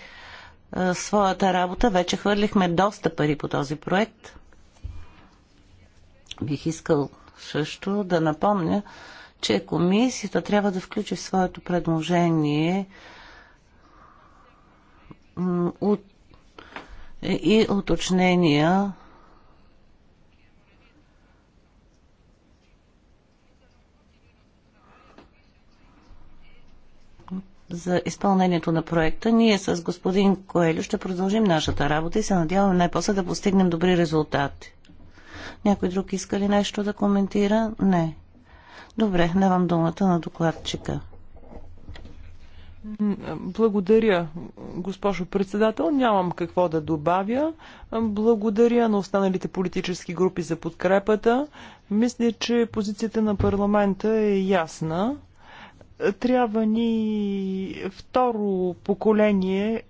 а, е, своята работа. Вече хвърлихме доста пари по този проект. Бих искал също да напомня, че комисията трябва да включи в своето предложение от, и уточнения за изпълнението на проекта. Ние с господин Коелю ще продължим нашата работа и се надяваме най-после да постигнем добри резултати. Някой друг иска ли нещо да коментира? Не. Добре, давам думата на докладчика. Благодаря, госпожо председател. Нямам какво да добавя. Благодаря на останалите политически групи за подкрепата. Мисля, че позицията на парламента е ясна. Трябва ни второ поколение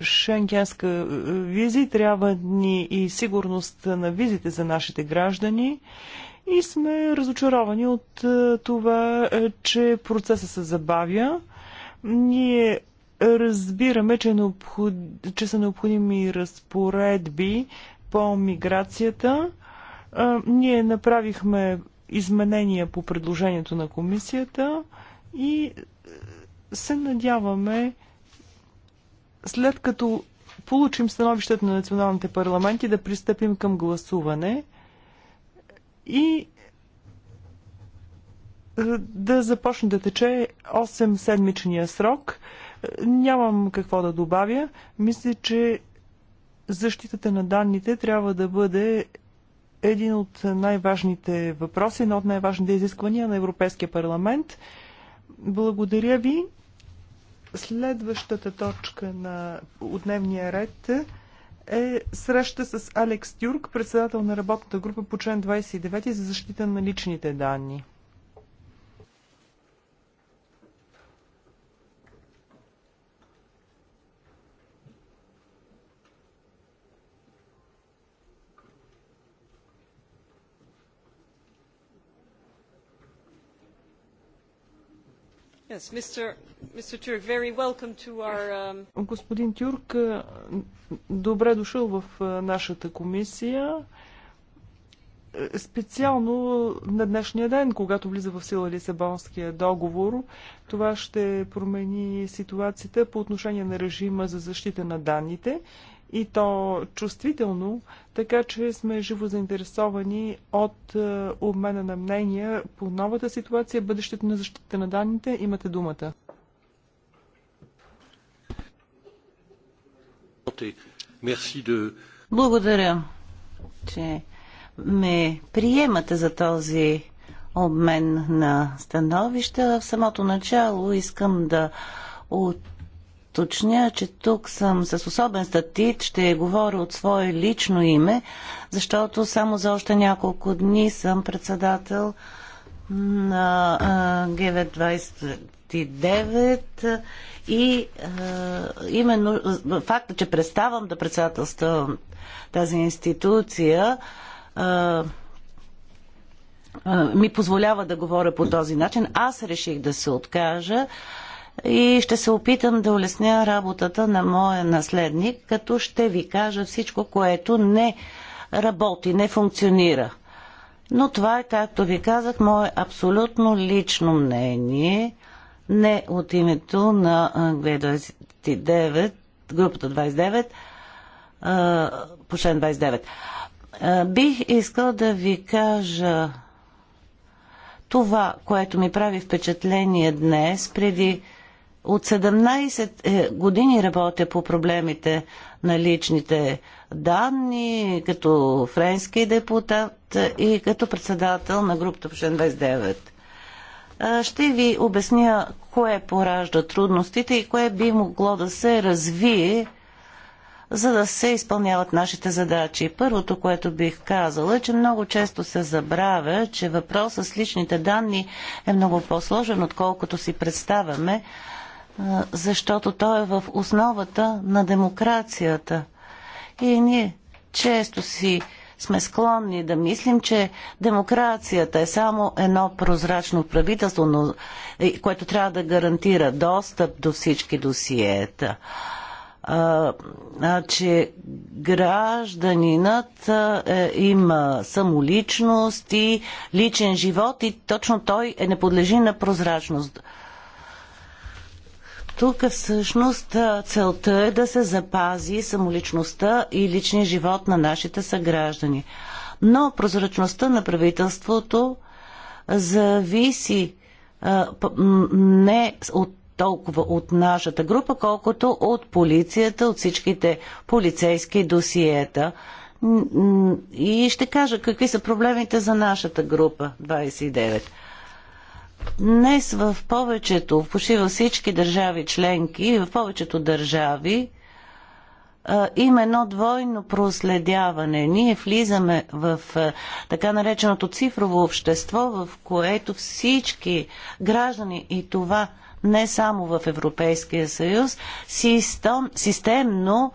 шенгенска е, е, визи, трябва ни и сигурност на визите за нашите граждани и сме разочаровани от е, това, че процесът се забавя. Ние разбираме, че, необход... че са необходими разпоредби по миграцията. Ние направихме изменения по предложението на комисията и е, се надяваме, след като получим становището на националните парламенти, да пристъпим към гласуване и е, да започне да тече 8 седмичния срок. Е, нямам какво да добавя. Мисля, че защитата на данните трябва да бъде един от най-важните въпроси, едно от най-важните изисквания на Европейския парламент – благодаря ви. Следващата точка на от дневния ред е среща с Алекс Тюрк, председател на работната група по член 29 за защита на личните данни. Um, Господин Тюрк, добре дошъл в нашата комисия. Е, специално на днешния ден, когато влиза в сила Лисабонския договор, това ще промени ситуацията по отношение на режима за защита на данните и то чувствително, така че сме живо заинтересовани от е, обмена на мнения по новата ситуация, бъдещето на защита на данните. Имате думата. Благодаря, че ме приемате за този обмен на становища. В самото начало искам да от уточня, че тук съм с особен статит, ще говоря от свое лично име, защото само за още няколко дни съм председател на ГВ-29 и именно факта, че представам да председателствам тази институция, ми позволява да говоря по този начин. Аз реших да се откажа, и ще се опитам да улесня работата на моя наследник, като ще ви кажа всичко, което не работи, не функционира. Но това е, както ви казах, мое абсолютно лично мнение, не от името на г 29 групата 29, по член 29. Бих искал да ви кажа това, което ми прави впечатление днес, преди от 17 е, години работя по проблемите на личните данни, като френски депутат и като председател на групата по 29. Е, ще ви обясня кое поражда трудностите и кое би могло да се развие, за да се изпълняват нашите задачи. Първото, което бих казала, е, че много често се забравя, че въпросът с личните данни е много по-сложен, отколкото си представяме защото той е в основата на демокрацията. И ние често си сме склонни да мислим, че демокрацията е само едно прозрачно правителство, но, което трябва да гарантира достъп до всички досиета. А, а, че гражданинът е, има самоличност и личен живот и точно той е не подлежи на прозрачност. Тук всъщност целта е да се запази самоличността и личния живот на нашите съграждани. Но прозрачността на правителството зависи а, не от толкова от нашата група, колкото от полицията, от всичките полицейски досиета. И ще кажа какви са проблемите за нашата група 29. Днес в повечето, в почти във всички държави членки, в повечето държави, има едно двойно проследяване. Ние влизаме в така нареченото цифрово общество, в което всички граждани и това не само в Европейския съюз, системно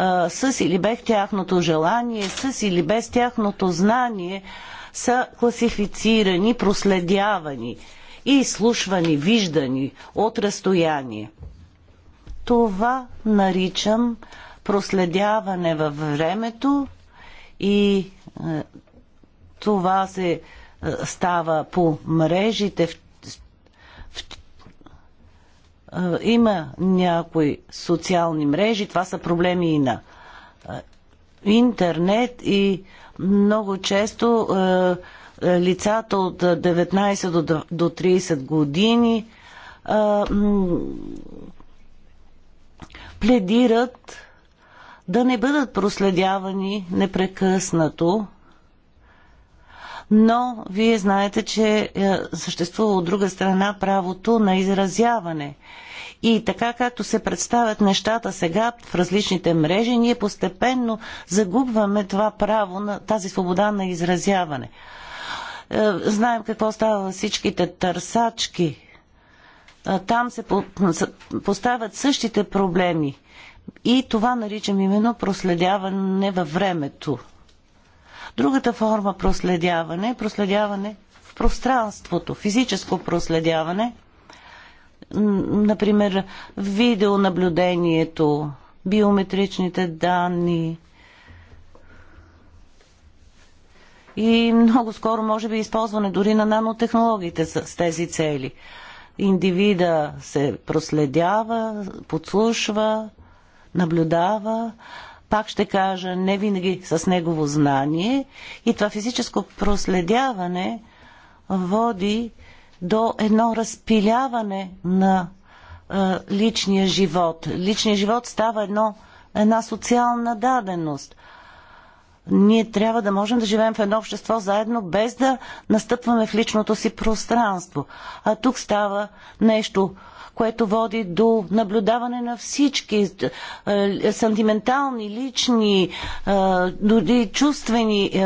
а, с или без тяхното желание, с или без тяхното знание са класифицирани, проследявани и изслушвани, виждани от разстояние. Това наричам проследяване във времето и е, това се е, става по мрежите в има някои социални мрежи, това са проблеми и на интернет и много често лицата от 19 до 30 години пледират да не бъдат проследявани непрекъснато но вие знаете, че е, съществува от друга страна правото на изразяване. И така както се представят нещата сега в различните мрежи, ние постепенно загубваме това право на тази свобода на изразяване. Е, знаем какво става във всичките търсачки. Е, там се поставят същите проблеми. И това наричам именно проследяване във времето. Другата форма проследяване е проследяване в пространството, физическо проследяване, например видеонаблюдението, биометричните данни, и много скоро може би използване дори на нанотехнологиите с, тези цели. Индивида се проследява, подслушва, наблюдава, пак ще кажа, не винаги с негово знание. И това физическо проследяване води до едно разпиляване на е, личния живот. Личният живот става едно, една социална даденост. Ние трябва да можем да живеем в едно общество заедно, без да настъпваме в личното си пространство. А тук става нещо което води до наблюдаване на всички е, сантиментални, лични, е, дори чувствени е,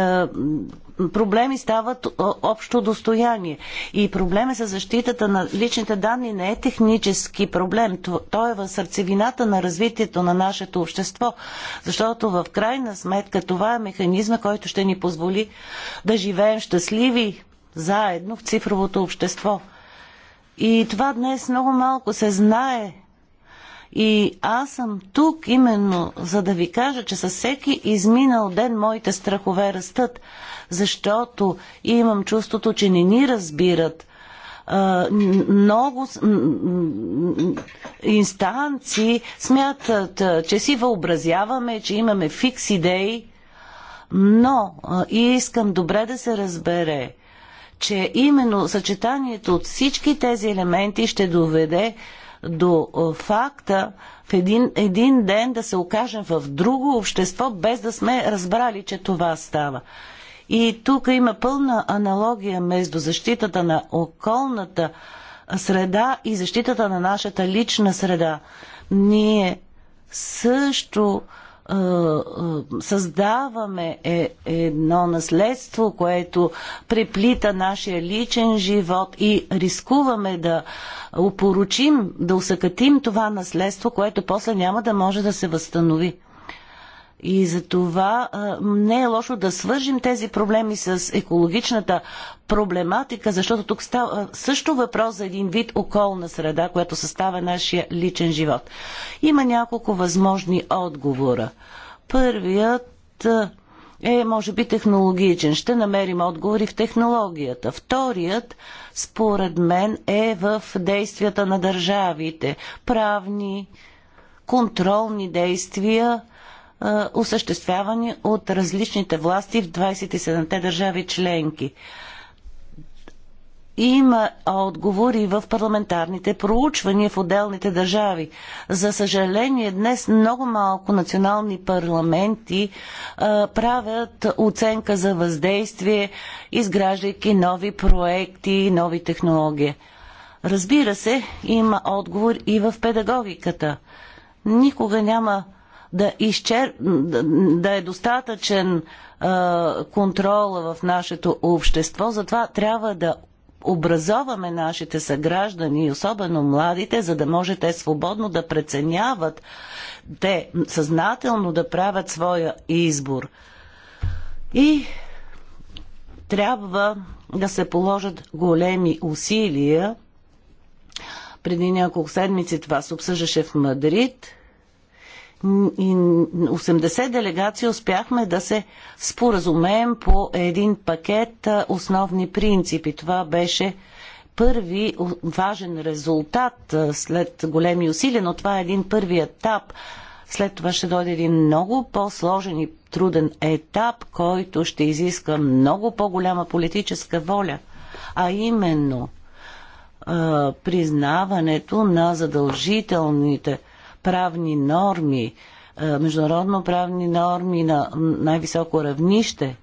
проблеми стават общо достояние. И проблеми с защитата на личните данни не е технически проблем. Той е в сърцевината на развитието на нашето общество. Защото в крайна сметка това е механизма, който ще ни позволи да живеем щастливи заедно в цифровото общество. И това днес много малко се знае. И аз съм тук именно за да ви кажа, че със всеки изминал ден моите страхове растат, защото имам чувството, че не ни разбират. Много инстанции смятат, че си въобразяваме, че имаме фикс идеи, но искам добре да се разбере че именно съчетанието от всички тези елементи ще доведе до е, факта в един, един ден да се окажем в друго общество, без да сме разбрали, че това става. И тук има пълна аналогия между защитата на околната среда и защитата на нашата лична среда. Ние също създаваме е, едно наследство, което преплита нашия личен живот и рискуваме да опоручим, да усъкатим това наследство, което после няма да може да се възстанови. И за това не е лошо да свържим тези проблеми с екологичната проблематика, защото тук става също въпрос за един вид околна среда, която съставя нашия личен живот. Има няколко възможни отговора. Първият е, може би, технологичен. Ще намерим отговори в технологията. Вторият, според мен, е в действията на държавите. Правни, контролни действия, осъществявани от различните власти в 27-те държави членки. Има отговори в парламентарните проучвания в отделните държави. За съжаление, днес много малко национални парламенти а, правят оценка за въздействие, изграждайки нови проекти, нови технологии. Разбира се, има отговор и в педагогиката. Никога няма да, изчер... да е достатъчен а, контрола в нашето общество. Затова трябва да образоваме нашите съграждани, особено младите, за да може те свободно да преценяват, те съзнателно да правят своя избор. И трябва да се положат големи усилия. Преди няколко седмици това се обсъждаше в Мадрид – 80 делегации успяхме да се споразумеем по един пакет основни принципи. Това беше първи важен резултат след големи усилия, но това е един първи етап. След това ще дойде един много по-сложен и труден етап, който ще изиска много по-голяма политическа воля, а именно признаването на задължителните правни норми, е, международно правни норми на най-високо равнище,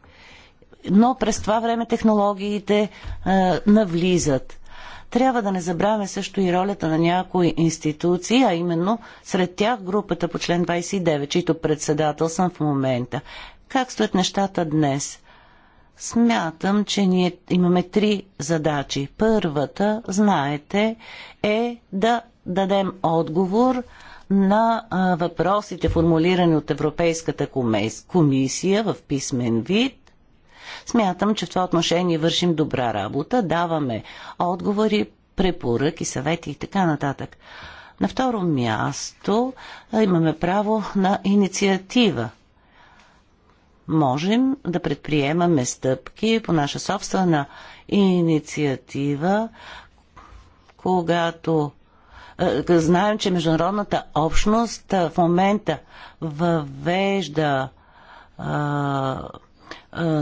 но през това време технологиите е, навлизат. Трябва да не забравяме също и ролята на някои институции, а именно сред тях групата по член 29, чийто председател съм в момента. Как стоят нещата днес? Смятам, че ние имаме три задачи. Първата, знаете, е да дадем отговор на въпросите, формулирани от Европейската комисия в писмен вид. Смятам, че в това отношение вършим добра работа, даваме отговори, препоръки, съвети и така нататък. На второ място имаме право на инициатива. Можем да предприемаме стъпки по наша собствена инициатива, когато е, знаем, че международната общност е, в момента въвежда е,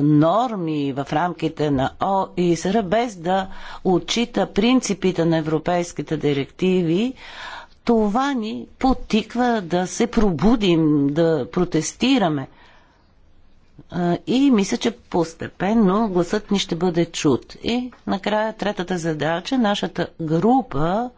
норми в рамките на ОИСР, без да отчита принципите на европейските директиви, това ни потиква да се пробудим, да протестираме. И мисля, че постепенно гласът ни ще бъде чут. И накрая третата задача, нашата група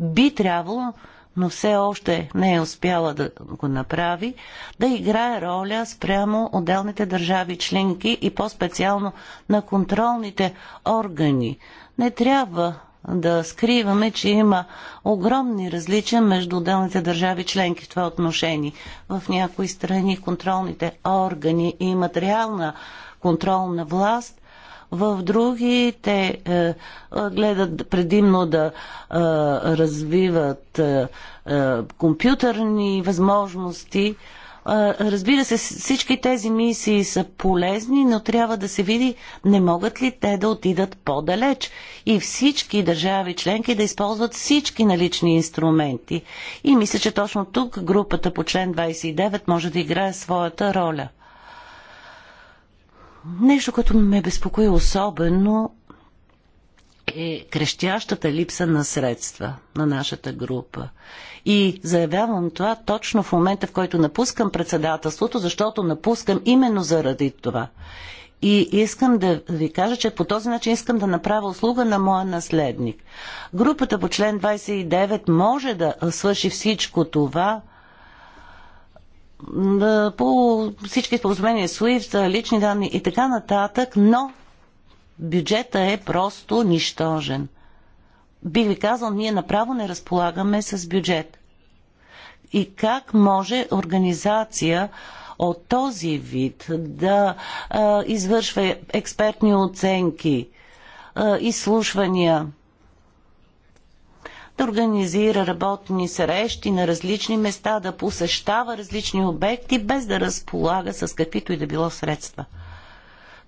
би трябвало, но все още не е успяла да го направи, да играе роля спрямо отделните държави членки и по-специално на контролните органи. Не трябва да скриваме, че има огромни различия между отделните държави членки в това отношение. В някои страни контролните органи имат реална контролна власт, в други те е, е, гледат предимно да е, развиват компютърни възможности. Разбира се, всички тези мисии са полезни, но трябва да се види не могат ли те да отидат по-далеч и всички държави членки да използват всички налични инструменти. И мисля, че точно тук групата по член 29 може да играе своята роля. Нещо, което ме безпокои особено е крещящата липса на средства на нашата група. И заявявам това точно в момента, в който напускам председателството, защото напускам именно заради това. И искам да ви кажа, че по този начин искам да направя услуга на моя наследник. Групата по член 29 може да свърши всичко това, по всички споразумения SWIFT, лични данни и така нататък, но бюджета е просто нищожен. Бих ви казал, ние направо не разполагаме с бюджет. И как може организация от този вид да а, извършва експертни оценки, а, изслушвания, да организира работни срещи на различни места, да посещава различни обекти, без да разполага с каквито и да било средства.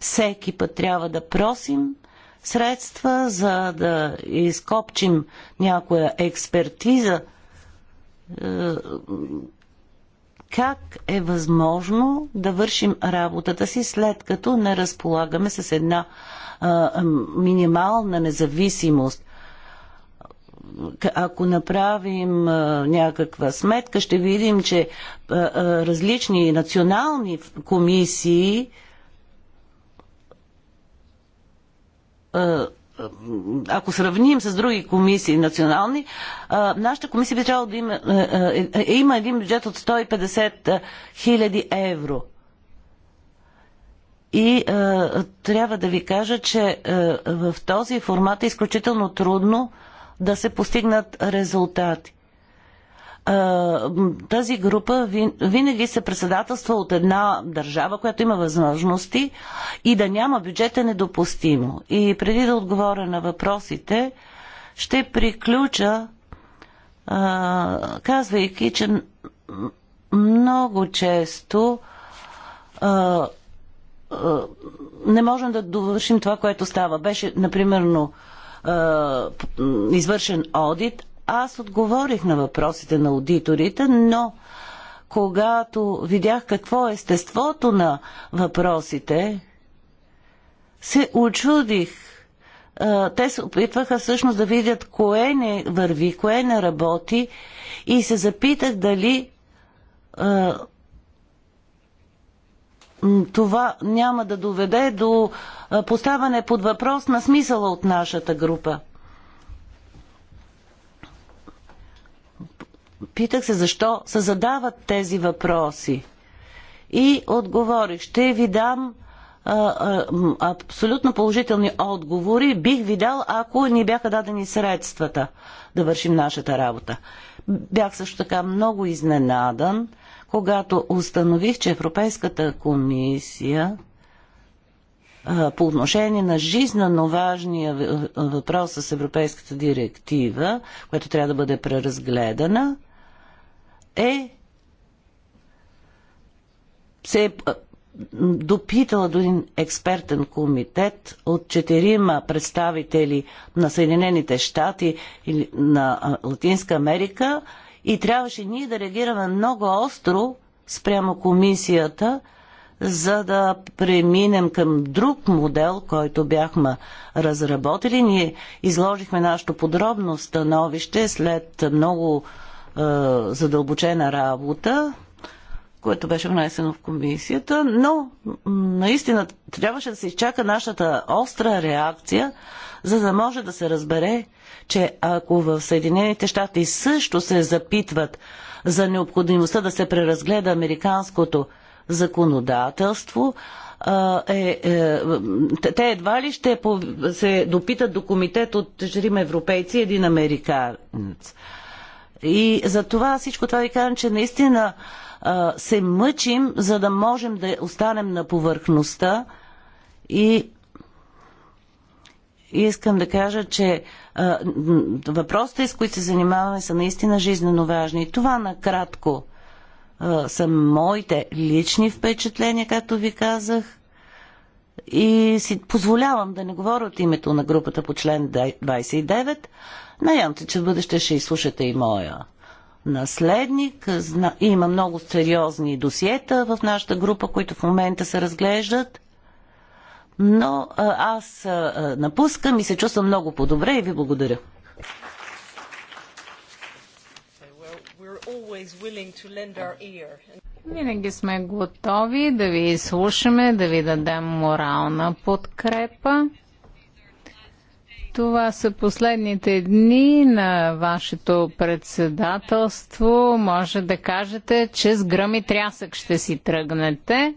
Всеки път трябва да просим средства, за да изкопчим някоя експертиза. Е, как е възможно да вършим работата си, след като не разполагаме с една а, е, минимална независимост? ако направим някаква сметка, ще видим, че различни национални комисии ако сравним с други комисии национални, нашата комисия би трябвало да има, е, има един бюджет от 150 хиляди евро. И трябва да ви кажа, че в този формат е изключително трудно да се постигнат резултати. Тази група винаги се председателства от една държава, която има възможности и да няма бюджет е недопустимо. И преди да отговоря на въпросите, ще приключа казвайки, че много често не можем да довършим това, което става. Беше, например, е, извършен одит. Аз отговорих на въпросите на аудиторите, но когато видях какво е естеството на въпросите, се очудих. Те се опитваха всъщност да видят кое не върви, кое не работи и се запитах дали това няма да доведе до поставяне под въпрос на смисъла от нашата група. Питах се защо се задават тези въпроси. И отговорих, ще ви дам а, а, абсолютно положителни отговори. Бих ви дал, ако ни бяха дадени средствата да вършим нашата работа. Бях също така много изненадан, когато установих, че Европейската комисия по отношение на жизненно важния въпрос с Европейската директива, която трябва да бъде преразгледана, е се е допитала до един експертен комитет от четирима представители на Съединените щати или на Латинска Америка и трябваше ние да реагираме много остро спрямо комисията, за да преминем към друг модел, който бяхме разработили. Ние изложихме нашето подробно становище след много е, задълбочена работа, което беше внесено в комисията, но наистина трябваше да се изчака нашата остра реакция, за да може да се разбере че ако в Съединените щати също се запитват за необходимостта да се преразгледа американското законодателство, е, е, те едва ли ще се допитат до комитет от жрим европейци и един американец. И за това всичко това ви казвам, че наистина се мъчим, за да можем да останем на повърхността и искам да кажа, че въпросите, с които се занимаваме, са наистина жизненно важни. И това накратко са моите лични впечатления, както ви казах. И си позволявам да не говоря от името на групата по член 29. Надявам се, че в бъдеще ще изслушате и моя наследник. Има много сериозни досиета в нашата група, които в момента се разглеждат но аз напускам и се чувствам много по-добре и ви благодаря. Винаги сме готови да ви слушаме, да ви дадем морална подкрепа. Това са последните дни на вашето председателство. Може да кажете, че с гръм и трясък ще си тръгнете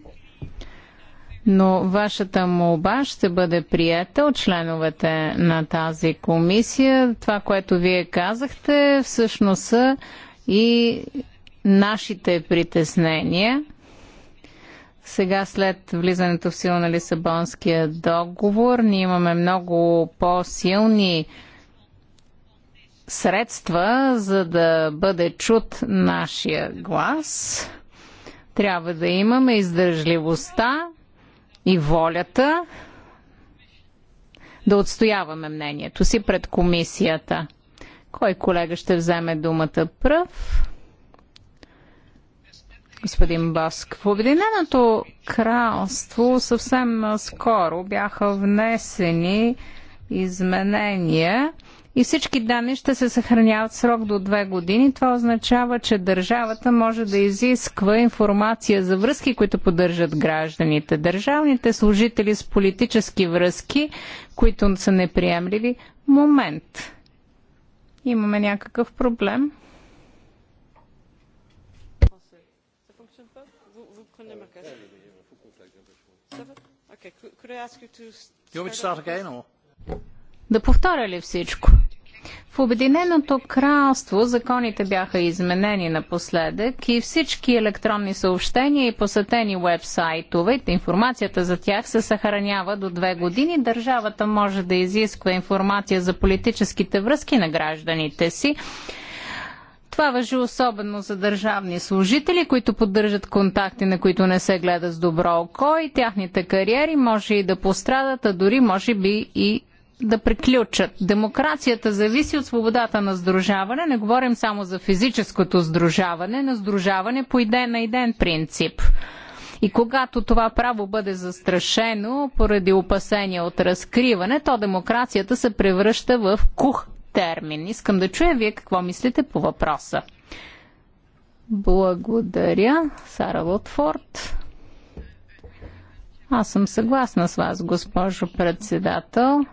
но вашата молба ще бъде прията от членовете на тази комисия. Това, което вие казахте, всъщност са и нашите притеснения. Сега след влизането в сила на Лисабонския договор, ние имаме много по-силни средства, за да бъде чут нашия глас. Трябва да имаме издържливостта и волята да отстояваме мнението си пред комисията. Кой колега ще вземе думата пръв? Господин Баск, в Обединеното кралство съвсем скоро бяха внесени изменения и всички данни ще се съхраняват срок до две години. Това означава, че държавата може да изисква информация за връзки, които поддържат гражданите. Държавните служители с политически връзки, които са неприемливи, момент. Имаме някакъв проблем. Do you want me to start again or? Да повторя ли всичко? В Обединеното кралство законите бяха изменени напоследък и всички електронни съобщения и посетени вебсайтове, информацията за тях се съхранява до две години. Държавата може да изисква информация за политическите връзки на гражданите си. Това въжи особено за държавни служители, които поддържат контакти, на които не се гледа с добро око и тяхните кариери може и да пострадат, а дори може би и да приключат. Демокрацията зависи от свободата на сдружаване. Не говорим само за физическото сдружаване, но сдружаване по иден на иден принцип. И когато това право бъде застрашено поради опасения от разкриване, то демокрацията се превръща в кух термин. Искам да чуя вие какво мислите по въпроса. Благодаря, Сара Лотфорд. Аз съм съгласна с вас, госпожо председател.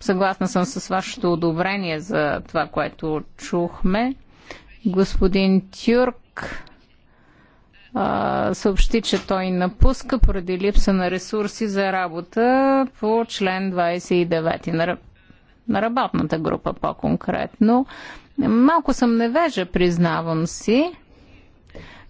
съгласна съм с вашето одобрение за това, което чухме. Господин Тюрк а, съобщи, че той напуска поради липса на ресурси за работа по член 29 на, на работната група по-конкретно. Малко съм невежа, признавам си,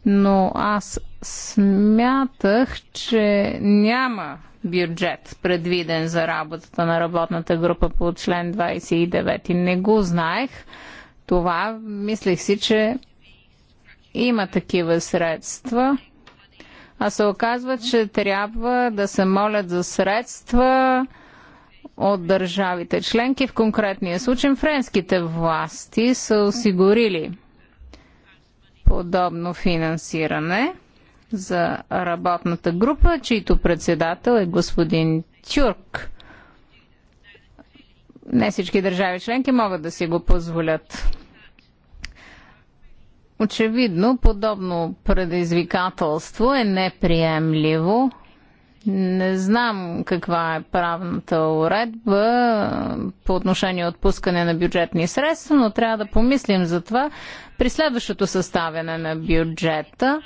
но аз смятах, че няма бюджет предвиден за работата на работната група по член 29. Не го знаех. Това мислех си, че има такива средства, а се оказва, че трябва да се молят за средства от държавите членки. В конкретния случай френските власти са осигурили подобно финансиране – за работната група, чийто председател е господин Тюрк. Не всички държави членки могат да си го позволят. Очевидно, подобно предизвикателство е неприемливо. Не знам каква е правната уредба по отношение отпускане на бюджетни средства, но трябва да помислим за това при следващото съставяне на бюджета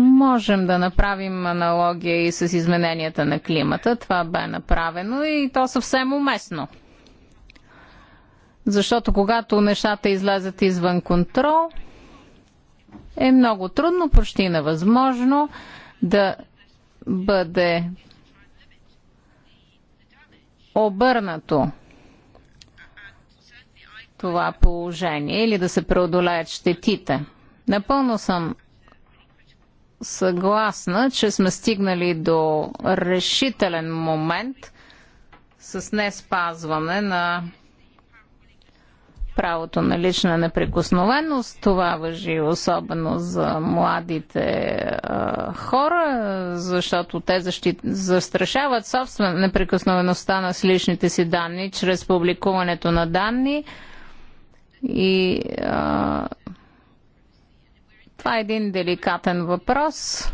Можем да направим аналогия и с измененията на климата. Това бе направено и то съвсем уместно. Защото когато нещата излезат извън контрол, е много трудно, почти невъзможно да бъде обърнато това положение или да се преодолеят щетите. Напълно съм съгласна, че сме стигнали до решителен момент с не спазване на правото на лична неприкосновеност. Това въжи особено за младите а, хора, защото те защит... застрашават собствен неприкосновеността на с личните си данни чрез публикуването на данни и а, това е един деликатен въпрос.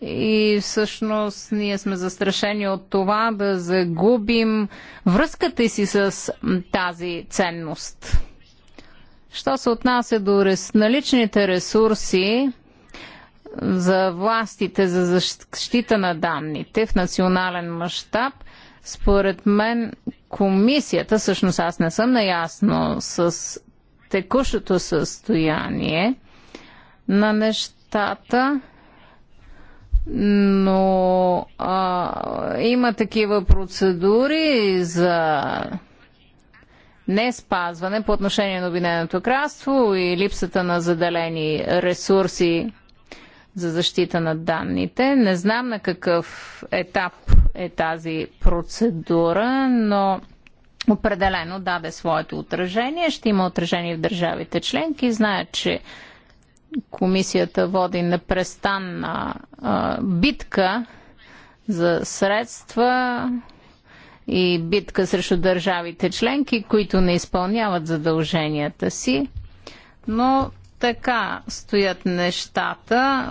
И всъщност ние сме застрашени от това да загубим връзката си с тази ценност. Що се отнася до наличните ресурси за властите за защита на данните в национален мащаб, според мен комисията, всъщност аз не съм наясно с текущото състояние, на нещата, но а, има такива процедури за не спазване по отношение на обвиненото кралство и липсата на заделени ресурси за защита на данните. Не знам на какъв етап е тази процедура, но определено даде своето отражение. Ще има отражение в държавите членки. Знаят, че комисията води непрестанна а, битка за средства и битка срещу държавите членки, които не изпълняват задълженията си. Но така стоят нещата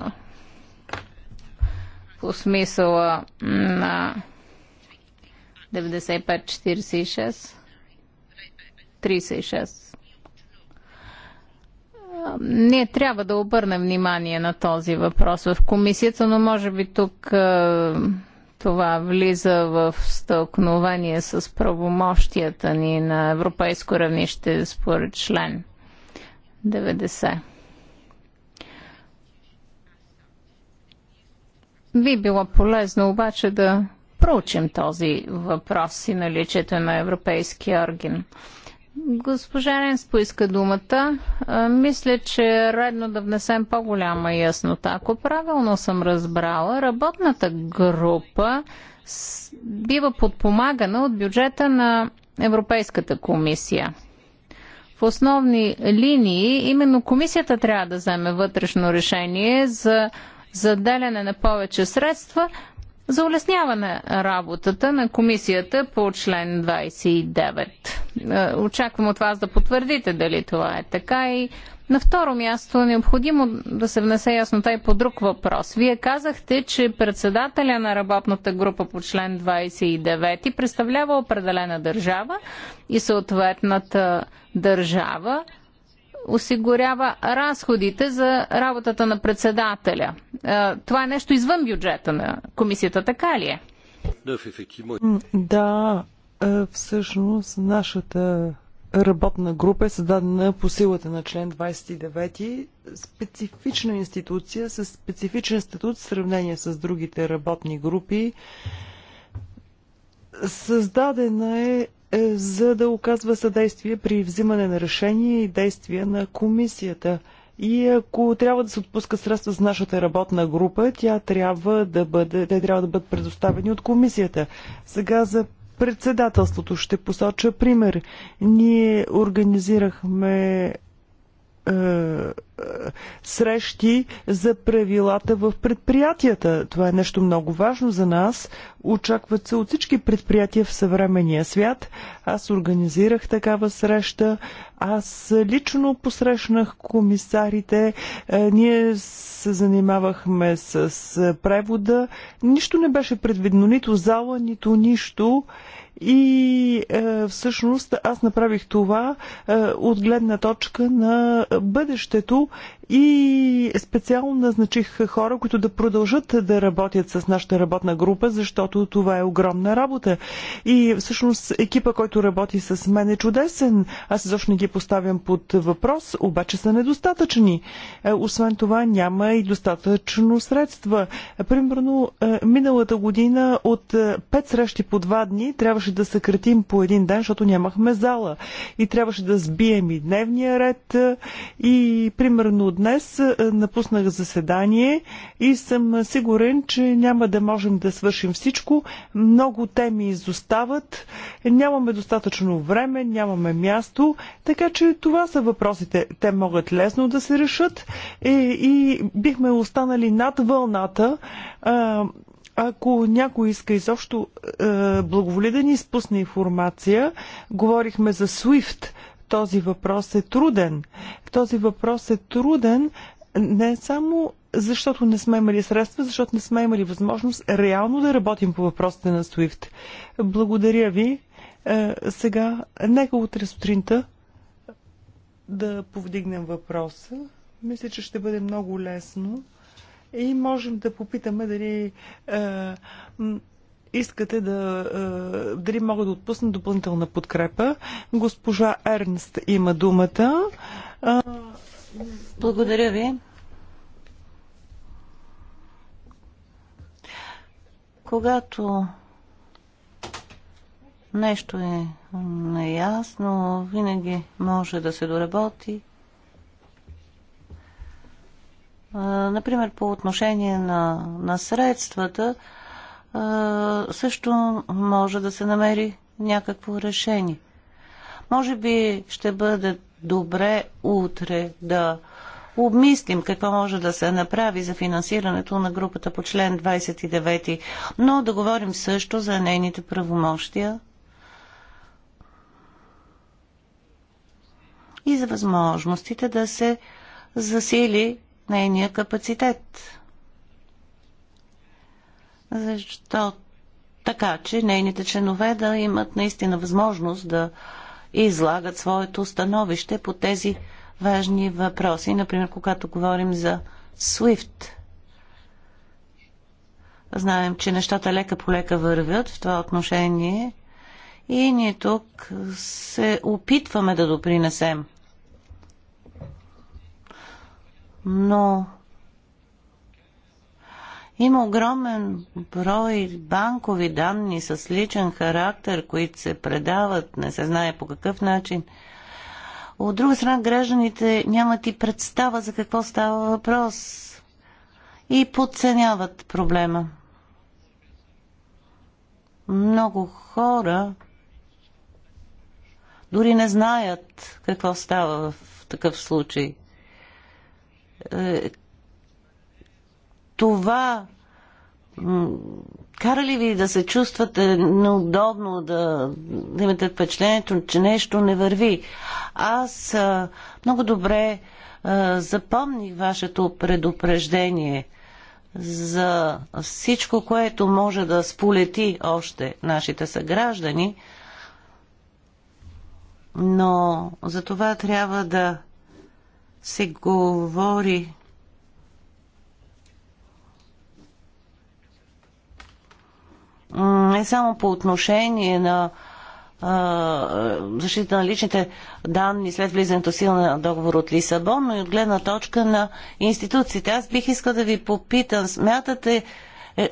по смисъла на 95-46. 36. Ние трябва да обърнем внимание на този въпрос в комисията, но може би тук е, това влиза в стълкновение с правомощията ни на европейско равнище според член 90. Би било полезно обаче да проучим този въпрос и наличието на европейски орган. Госпожа Ренс поиска думата. Мисля, че е редно да внесем по-голяма яснота. Ако правилно съм разбрала, работната група бива подпомагана от бюджета на Европейската комисия. В основни линии именно комисията трябва да вземе вътрешно решение за заделяне на повече средства – за улесняване работата на комисията по член 29. Е, очаквам от вас да потвърдите дали това е така и на второ място е необходимо да се внесе яснота и по друг въпрос. Вие казахте, че председателя на работната група по член 29 представлява определена държава и съответната държава осигурява разходите за работата на председателя. Е, това е нещо извън бюджета на комисията, така ли е? Да, е, всъщност нашата работна група е създадена по силата на член 29. Специфична институция с специфичен статут в сравнение с другите работни групи. Създадена е е, за да оказва съдействие при взимане на решения и действия на комисията. И ако трябва да се отпуска средства за нашата работна група, тя трябва да бъде, те трябва да бъдат предоставени от комисията. Сега за председателството ще посоча пример. Ние организирахме е, срещи за правилата в предприятията. Това е нещо много важно за нас. Очакват се от всички предприятия в съвременния свят. Аз организирах такава среща. Аз лично посрещнах комисарите. Е, ние се занимавахме с превода. Нищо не беше предвидно, нито зала, нито нищо. И е, всъщност аз направих това е, от гледна точка на бъдещето и специално назначих хора, които да продължат да работят с нашата работна група, защото това е огромна работа. И всъщност екипа, който работи с мен е чудесен. Аз изобщо не ги поставям под въпрос, обаче са недостатъчни. Е, освен това няма и достатъчно средства. Примерно е, миналата година от е, пет срещи по два дни трябваше трябваше да съкратим по един ден, защото нямахме зала. И трябваше да сбием и дневния ред. И примерно днес е, напуснах заседание и съм сигурен, че няма да можем да свършим всичко. Много теми изостават. Нямаме достатъчно време, нямаме място. Така че това са въпросите. Те могат лесно да се решат. И, е, и бихме останали над вълната. Е, ако някой иска изобщо е, благоволи да ни спусне информация, говорихме за SWIFT. Този въпрос е труден. Този въпрос е труден не само защото не сме имали средства, защото не сме имали възможност реално да работим по въпросите на SWIFT. Благодаря ви. Е, сега, нека утре сутринта да повдигнем въпроса. Мисля, че ще бъде много лесно и можем да попитаме дали е, искате да, е, дали мога да отпуснат допълнителна подкрепа. Госпожа Ернст има думата. Е, Благодаря ви. Когато нещо е неясно, винаги може да се доработи. Например, по отношение на, на средствата, също може да се намери някакво решение. Може би ще бъде добре утре да обмислим какво може да се направи за финансирането на групата по член 29, но да говорим също за нейните правомощия и за възможностите да се засили нейния капацитет. Защо? Така, че нейните членове да имат наистина възможност да излагат своето становище по тези важни въпроси. Например, когато говорим за SWIFT. Знаем, че нещата лека по лека вървят в това отношение и ние тук се опитваме да допринесем но има огромен брой банкови данни с личен характер, които се предават, не се знае по какъв начин. От друга страна, гражданите нямат и представа за какво става въпрос и подценяват проблема. Много хора дори не знаят какво става в такъв случай. Е, това кара ли ви да се чувствате неудобно, да, да имате впечатлението, че нещо не върви? Аз а, е, много добре а, е, запомних вашето предупреждение за всичко, което може да сполети още нашите съграждани, но за това трябва да се говори не само по отношение на защита на личните данни след влизането сила на договор от Лисабон, но и от гледна точка на институциите. Аз бих искал да ви попитам, смятате, е, е,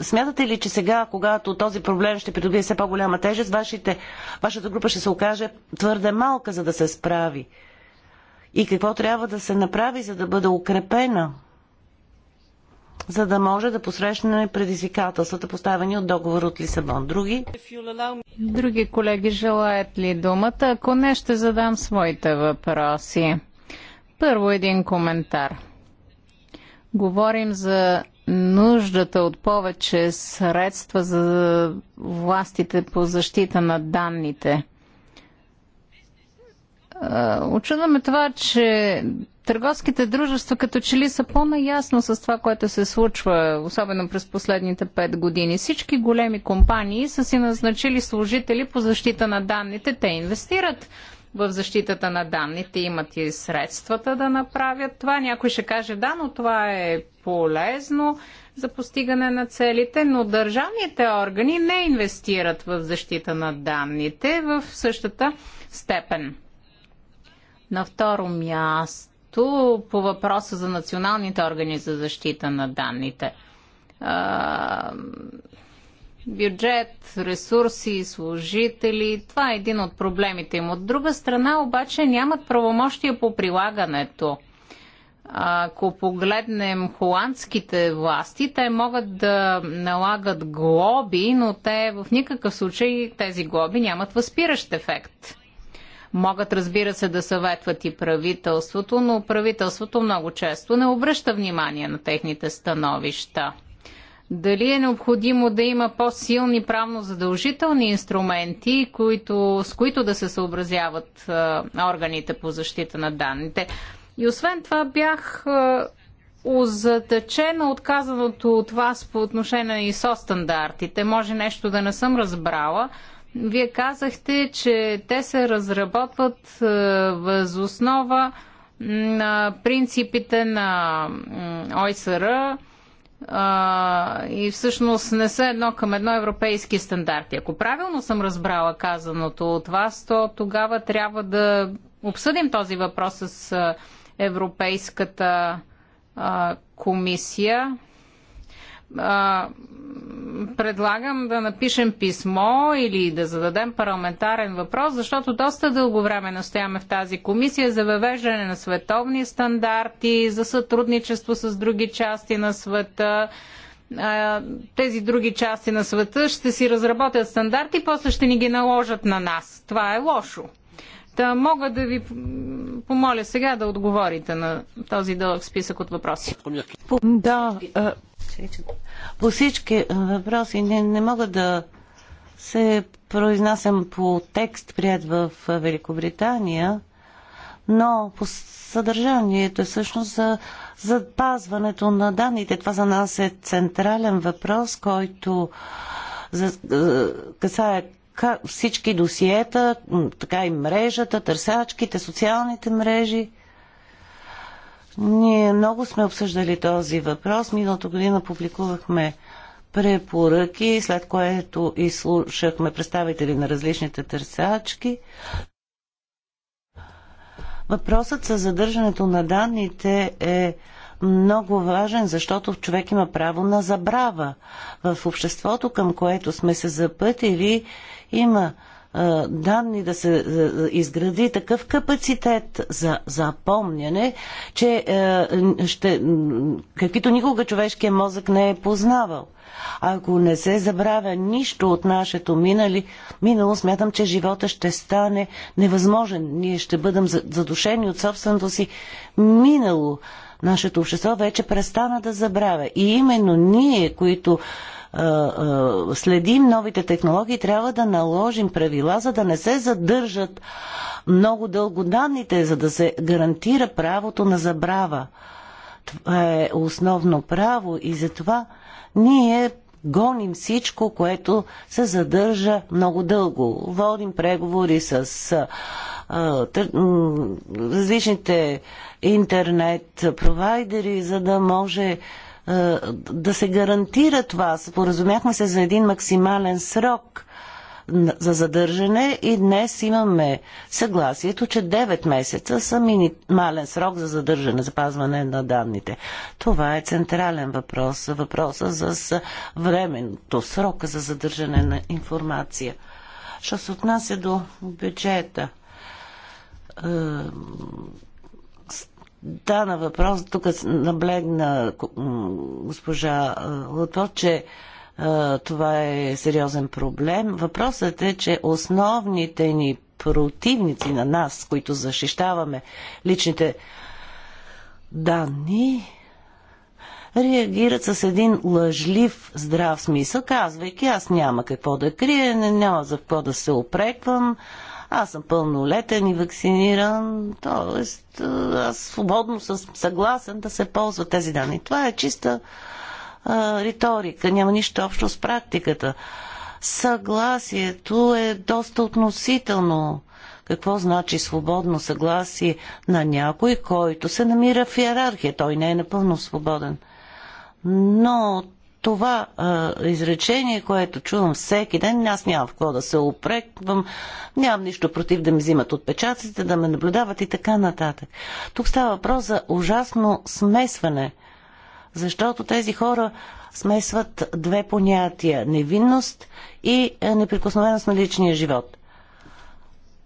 Смятате ли, че сега, когато този проблем ще придобие все по-голяма тежест, вашите, вашата група ще се окаже твърде малка, за да се справи? И какво трябва да се направи, за да бъде укрепена? за да може да посрещне предизвикателствата, поставени от договор от Лисабон. Други? Други колеги желаят ли думата? Ако не, ще задам своите въпроси. Първо един коментар. Говорим за нуждата от повече средства за властите по защита на данните. Очудваме това, че търговските дружества като че ли са по-наясно с това, което се случва, особено през последните пет години. Всички големи компании са си назначили служители по защита на данните. Те инвестират в защитата на данните, имат и средствата да направят това. Някой ще каже, да, но това е полезно за постигане на целите, но държавните органи не инвестират в защита на данните в същата степен. На второ място по въпроса за националните органи за защита на данните бюджет, ресурси, служители. Това е един от проблемите им. От друга страна обаче нямат правомощия по прилагането. Ако погледнем холандските власти, те могат да налагат глоби, но те в никакъв случай тези глоби нямат възпиращ ефект. Могат, разбира се, да съветват и правителството, но правителството много често не обръща внимание на техните становища. Дали е необходимо да има по-силни правно задължителни инструменти, които, с които да се съобразяват а, органите по защита на данните? И освен това бях а, озатъчена от казаното от вас по отношение на ИСО стандартите. Може нещо да не съм разбрала. Вие казахте, че те се разработват а, възоснова на принципите на ОСР а, и всъщност не са едно към едно европейски стандарти. Ако правилно съм разбрала казаното от вас, то тогава трябва да обсъдим този въпрос с Европейската а, комисия а, предлагам да напишем писмо или да зададем парламентарен въпрос, защото доста дълго време настояме в тази комисия за въвеждане на световни стандарти, за сътрудничество с други части на света. тези други части на света ще си разработят стандарти, после ще ни ги наложат на нас. Това е лошо. Та мога да ви помоля сега да отговорите на този дълъг списък от въпроси. Да, по всички въпроси не, не мога да се произнасям по текст, прият в Великобритания, но по съдържанието е всъщност за запазването на данните. Това за нас е централен въпрос, който за, касае всички досиета, така и мрежата, търсачките, социалните мрежи. Ние много сме обсъждали този въпрос. Миналата година публикувахме препоръки, след което изслушахме представители на различните търсачки. Въпросът за задържането на данните е много важен, защото човек има право на забрава. В обществото, към което сме се запътили, има данни да се изгради такъв капацитет за запомняне, че ще, каквито никога човешкият мозък не е познавал. Ако не се забравя нищо от нашето минали, минало, смятам, че живота ще стане невъзможен. Ние ще бъдем задушени от собственото си минало. Нашето общество вече престана да забравя. И именно ние, които следим новите технологии, трябва да наложим правила, за да не се задържат много дълго данните, за да се гарантира правото на забрава. Това е основно право и затова ние гоним всичко, което се задържа много дълго. Водим преговори с а, тър, различните интернет провайдери, за да може е, да се гарантира това. Споразумяхме се за един максимален срок за задържане и днес имаме съгласието, че 9 месеца са минимален срок за задържане, запазване на данните. Това е централен въпрос, въпроса за временното, срока за задържане на информация. Що се отнася до бюджета, е, да, на въпрос, тук наблегна госпожа Лото, че това е сериозен проблем. Въпросът е, че основните ни противници на нас, които защищаваме личните данни, реагират с един лъжлив здрав смисъл, казвайки аз няма какво да крия, няма за какво да се опреквам, аз съм пълнолетен и вакциниран, т.е. аз свободно съм съгласен да се ползват тези данни. Това е чиста а, риторика, няма нищо общо с практиката. Съгласието е доста относително. Какво значи свободно съгласие на някой, който се намира в иерархия? Той не е напълно свободен. Но това а, изречение, което чувам всеки ден, аз нямам в какво да се опреквам, нямам нищо против да ми взимат отпечатците, да ме наблюдават и така нататък. Тук става въпрос за ужасно смесване, защото тези хора смесват две понятия невинност и е, неприкосновеност на личния живот.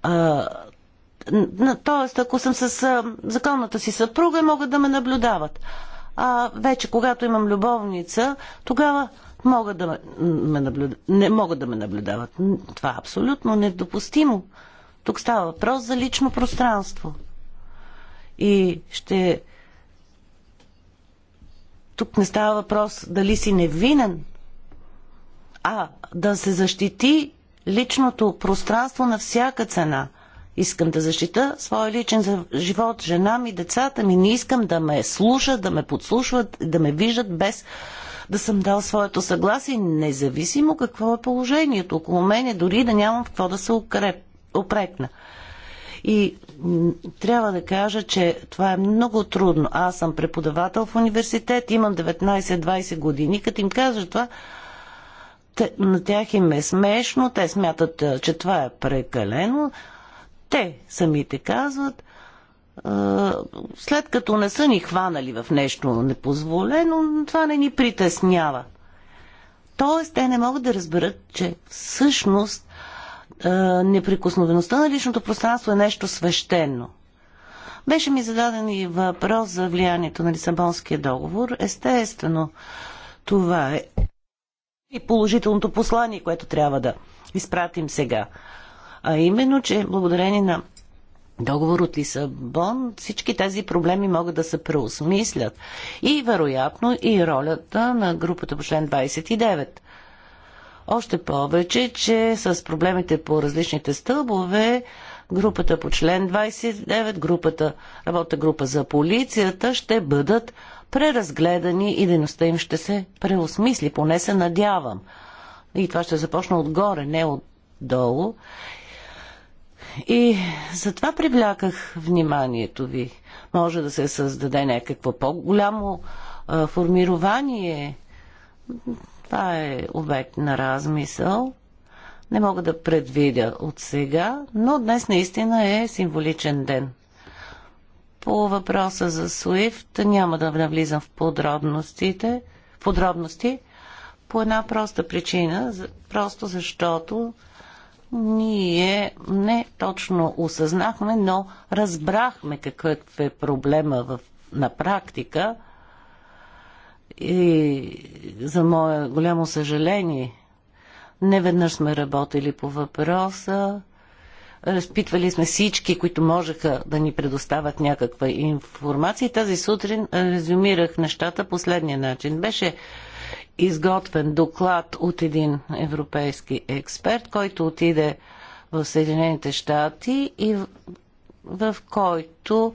А, Тоест, ако съм с законната си съпруга, могат да ме наблюдават а вече когато имам любовница, тогава могат да ме наблюдават. не могат да ме наблюдават. Това е абсолютно недопустимо. Тук става въпрос за лично пространство. И ще... Тук не става въпрос дали си невинен, а да се защити личното пространство на всяка цена – Искам да защита своя личен живот, жена ми, децата ми. Не искам да ме слушат, да ме подслушват, да ме виждат без да съм дал своето съгласие, независимо какво е положението около мене, дори да нямам в какво да се укреп, упрекна. И трябва да кажа, че това е много трудно. Аз съм преподавател в университет, имам 19-20 години. Като им кажа това, те, на тях им е смешно, те смятат, че това е прекалено. Те самите казват, след като не са ни хванали в нещо непозволено, това не ни притеснява. Тоест, те не могат да разберат, че всъщност неприкосновеността на личното пространство е нещо свещено. Беше ми зададен и въпрос за влиянието на Лисабонския договор. Естествено, това е и положителното послание, което трябва да изпратим сега. А именно, че благодарение на договор от Лисабон, всички тези проблеми могат да се преосмислят. И вероятно и ролята на групата по член 29. Още повече, че с проблемите по различните стълбове, групата по член 29, групата, работа група за полицията ще бъдат преразгледани и дейността им ще се преосмисли, поне се надявам. И това ще започне отгоре, не отдолу. И затова привляках вниманието ви. Може да се създаде някакво по-голямо формирование. Това е обект на размисъл. Не мога да предвидя от сега, но днес наистина е символичен ден. По въпроса за Суифт няма да навлизам в подробностите, подробности по една проста причина, просто защото ние не точно осъзнахме, но разбрахме какъв е проблема в, на практика. И за мое голямо съжаление, неведнъж сме работили по въпроса. Разпитвали сме всички, които можеха да ни предоставят някаква информация. И тази сутрин резюмирах нещата последния начин. Беше изготвен доклад от един европейски експерт, който отиде в Съединените щати и в който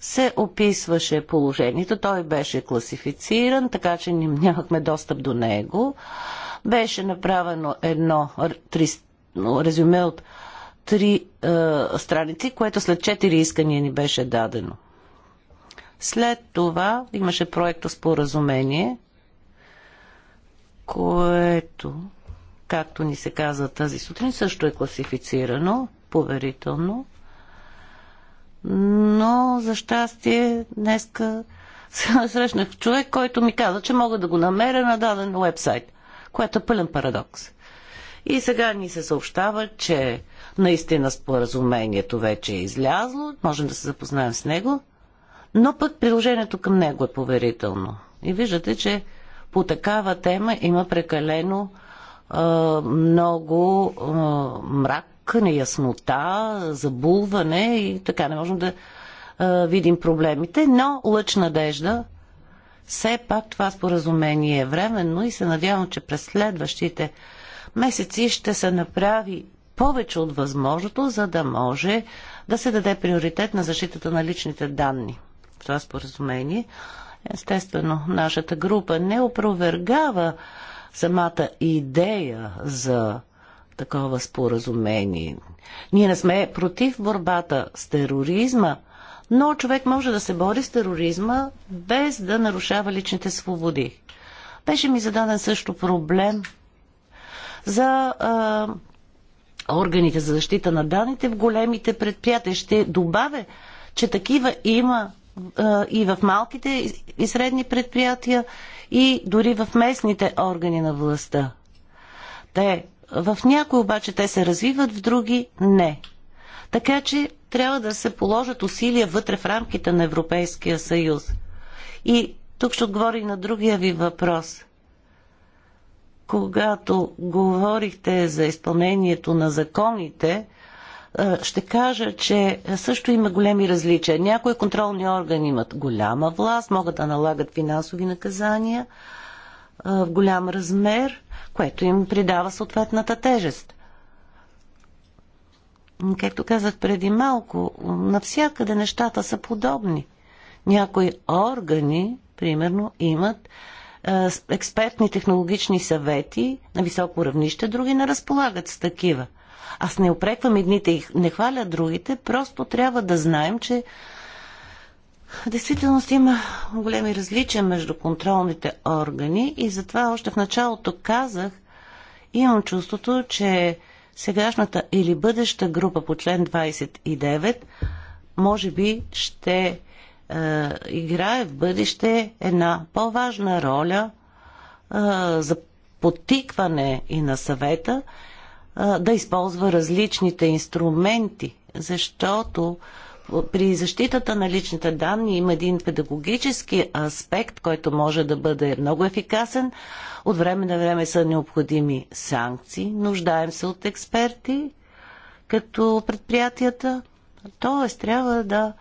се описваше положението. Той беше класифициран, така че нямахме достъп до него. Беше направено едно три, резюме от три е, страници, което след четири искания ни беше дадено. След това имаше проекто споразумение, което, както ни се каза тази сутрин, също е класифицирано поверително. Но, за щастие, днеска срещнах човек, който ми каза, че мога да го намеря на даден вебсайт, което е пълен парадокс. И сега ни се съобщава, че наистина споразумението вече е излязло, можем да се запознаем с него, но пък приложението към него е поверително. И виждате, че по такава тема има прекалено много мрак, неяснота, забулване и така не можем да видим проблемите, но лъч надежда. Все пак това споразумение е временно и се надявам, че през следващите месеци ще се направи повече от възможното, за да може да се даде приоритет на защитата на личните данни в това споразумение. Естествено, нашата група не опровергава самата идея за такова споразумение. Ние не сме против борбата с тероризма, но човек може да се бори с тероризма без да нарушава личните свободи. Беше ми зададен също проблем за а, органите за защита на данните в големите предприятия. Ще добавя, че такива има и в малките и средни предприятия, и дори в местните органи на властта. Те, в някои обаче те се развиват, в други не. Така че трябва да се положат усилия вътре в рамките на Европейския съюз. И тук ще отговоря и на другия ви въпрос. Когато говорихте за изпълнението на законите, е, ще кажа, че също има големи различия. Някои контролни органи имат голяма власт, могат да налагат финансови наказания е, в голям размер, което им придава съответната тежест. Както казах преди малко, навсякъде нещата са подобни. Някои органи, примерно, имат е, експертни технологични съвети на високо равнище, други не разполагат с такива – аз не опреквам едните и не хваля другите, просто трябва да знаем, че действително действителност има големи различия между контролните органи и затова още в началото казах, имам чувството, че сегашната или бъдеща група по член 29 може би ще е, играе в бъдеще една по-важна роля е, за потикване и на съвета да използва различните инструменти, защото при защитата на личните данни има един педагогически аспект, който може да бъде много ефикасен. От време на време са необходими санкции, нуждаем се от експерти, като предприятията. Тоест, трябва да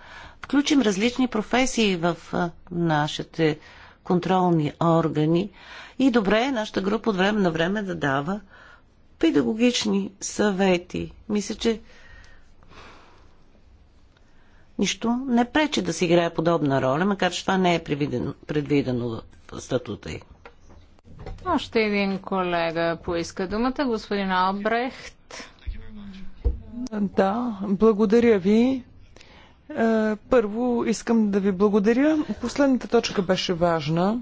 включим различни професии в нашите контролни органи. И добре е нашата група от време на време да дава педагогични съвети. Мисля, че нищо не пречи да си играе подобна роля, макар че това не е предвидено, предвидено в статута й. Още един колега поиска думата, господин Албрехт. Да, благодаря ви. Е, първо искам да ви благодаря. Последната точка беше важна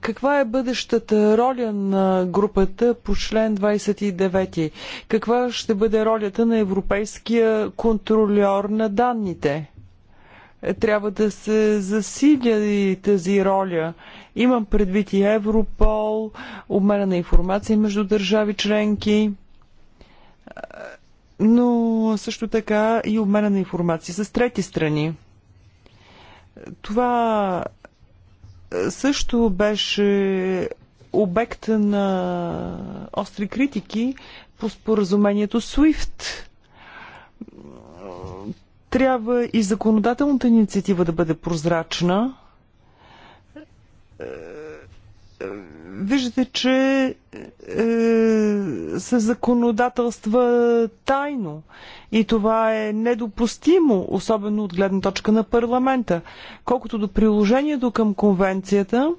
каква е бъдещата роля на групата по член 29? Каква ще бъде ролята на европейския контролер на данните? Трябва да се засиля и тази роля. Имам предвид и Европол, обмена на информация между държави членки, но също така и обмена на информация с трети страни. Това също беше обект на остри критики по споразумението SWIFT. Трябва и законодателната инициатива да бъде прозрачна виждате, че е, се законодателства тайно и това е недопустимо, особено от гледна точка на парламента. Колкото до приложението към конвенцията,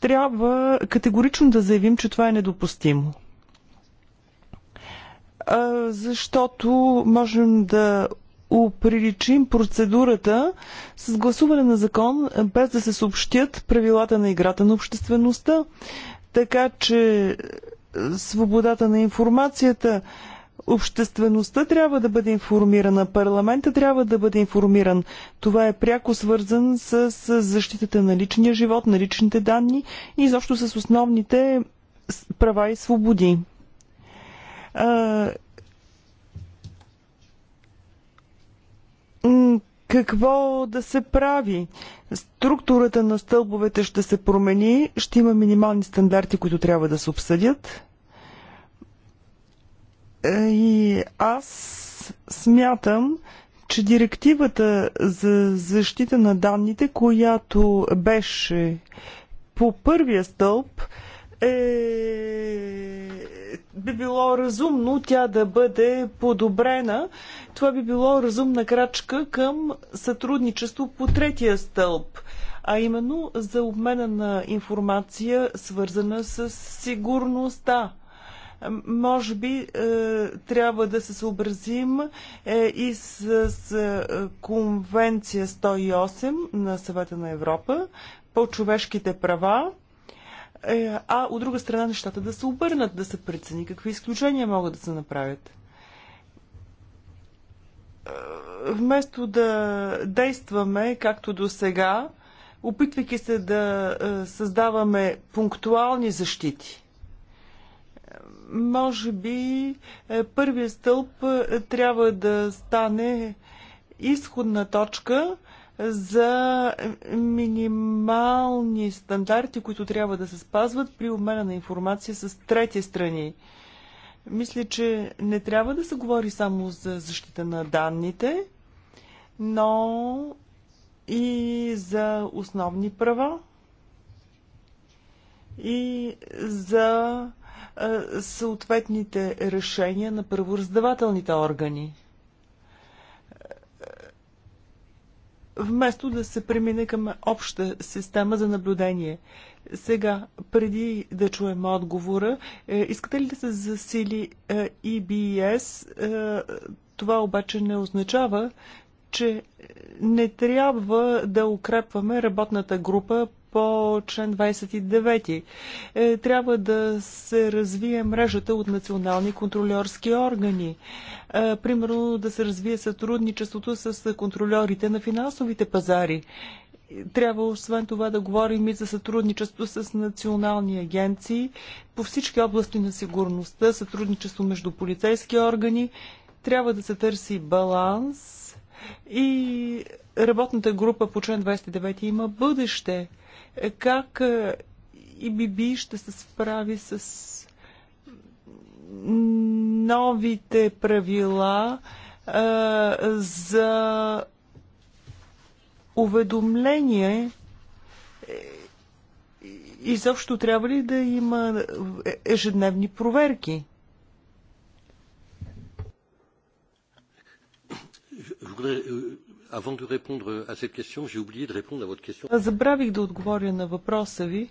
трябва категорично да заявим, че това е недопустимо е, защото можем да оприличим процедурата с гласуване на закон, е, без да се съобщят правилата на играта на обществеността. Така че е, свободата на информацията Обществеността трябва да бъде информирана, парламента трябва да бъде информиран. Това е пряко свързан с, защитата на личния живот, на личните данни и изобщо с основните права и свободи. какво да се прави. Структурата на стълбовете ще се промени, ще има минимални стандарти, които трябва да се обсъдят. Е, и аз смятам, че директивата за защита на данните, която беше по първия стълб, е би било разумно тя да бъде подобрена. Това би било разумна крачка към сътрудничество по третия стълб, а именно за обмена на информация, свързана с сигурността може би е, трябва да се съобразим е, и с, с е, Конвенция 108 на Съвета на Европа по човешките права. Е, а от друга страна нещата да се обърнат, да се прецени какви изключения могат да се направят. Е, вместо да действаме както до сега, опитвайки се да е, създаваме пунктуални защити, може би първият стълб трябва да стане изходна точка, за минимални стандарти, които трябва да се спазват при обмена на информация с трети страни. Мисля, че не трябва да се говори само за защита на данните, но и за основни права и за съответните решения на правораздавателните органи. вместо да се премине към обща система за наблюдение. Сега, преди да чуем отговора, е, искате ли да се засили е, EBS? Е, това обаче не означава, че не трябва да укрепваме работната група по член 29. Е, трябва да се развие мрежата от национални контролерски органи. Е, примерно да се развие сътрудничеството с контролерите на финансовите пазари. Трябва освен това да говорим и за сътрудничество с национални агенции по всички области на сигурността, сътрудничество между полицейски органи. Трябва да се търси баланс и работната група по член 29 има бъдеще. Как е, и Биби ще се справи с новите правила а, е, за уведомление изобщо трябва ли да има ежедневни проверки? Euh, euh, забравих да отговоря на въпроса ви.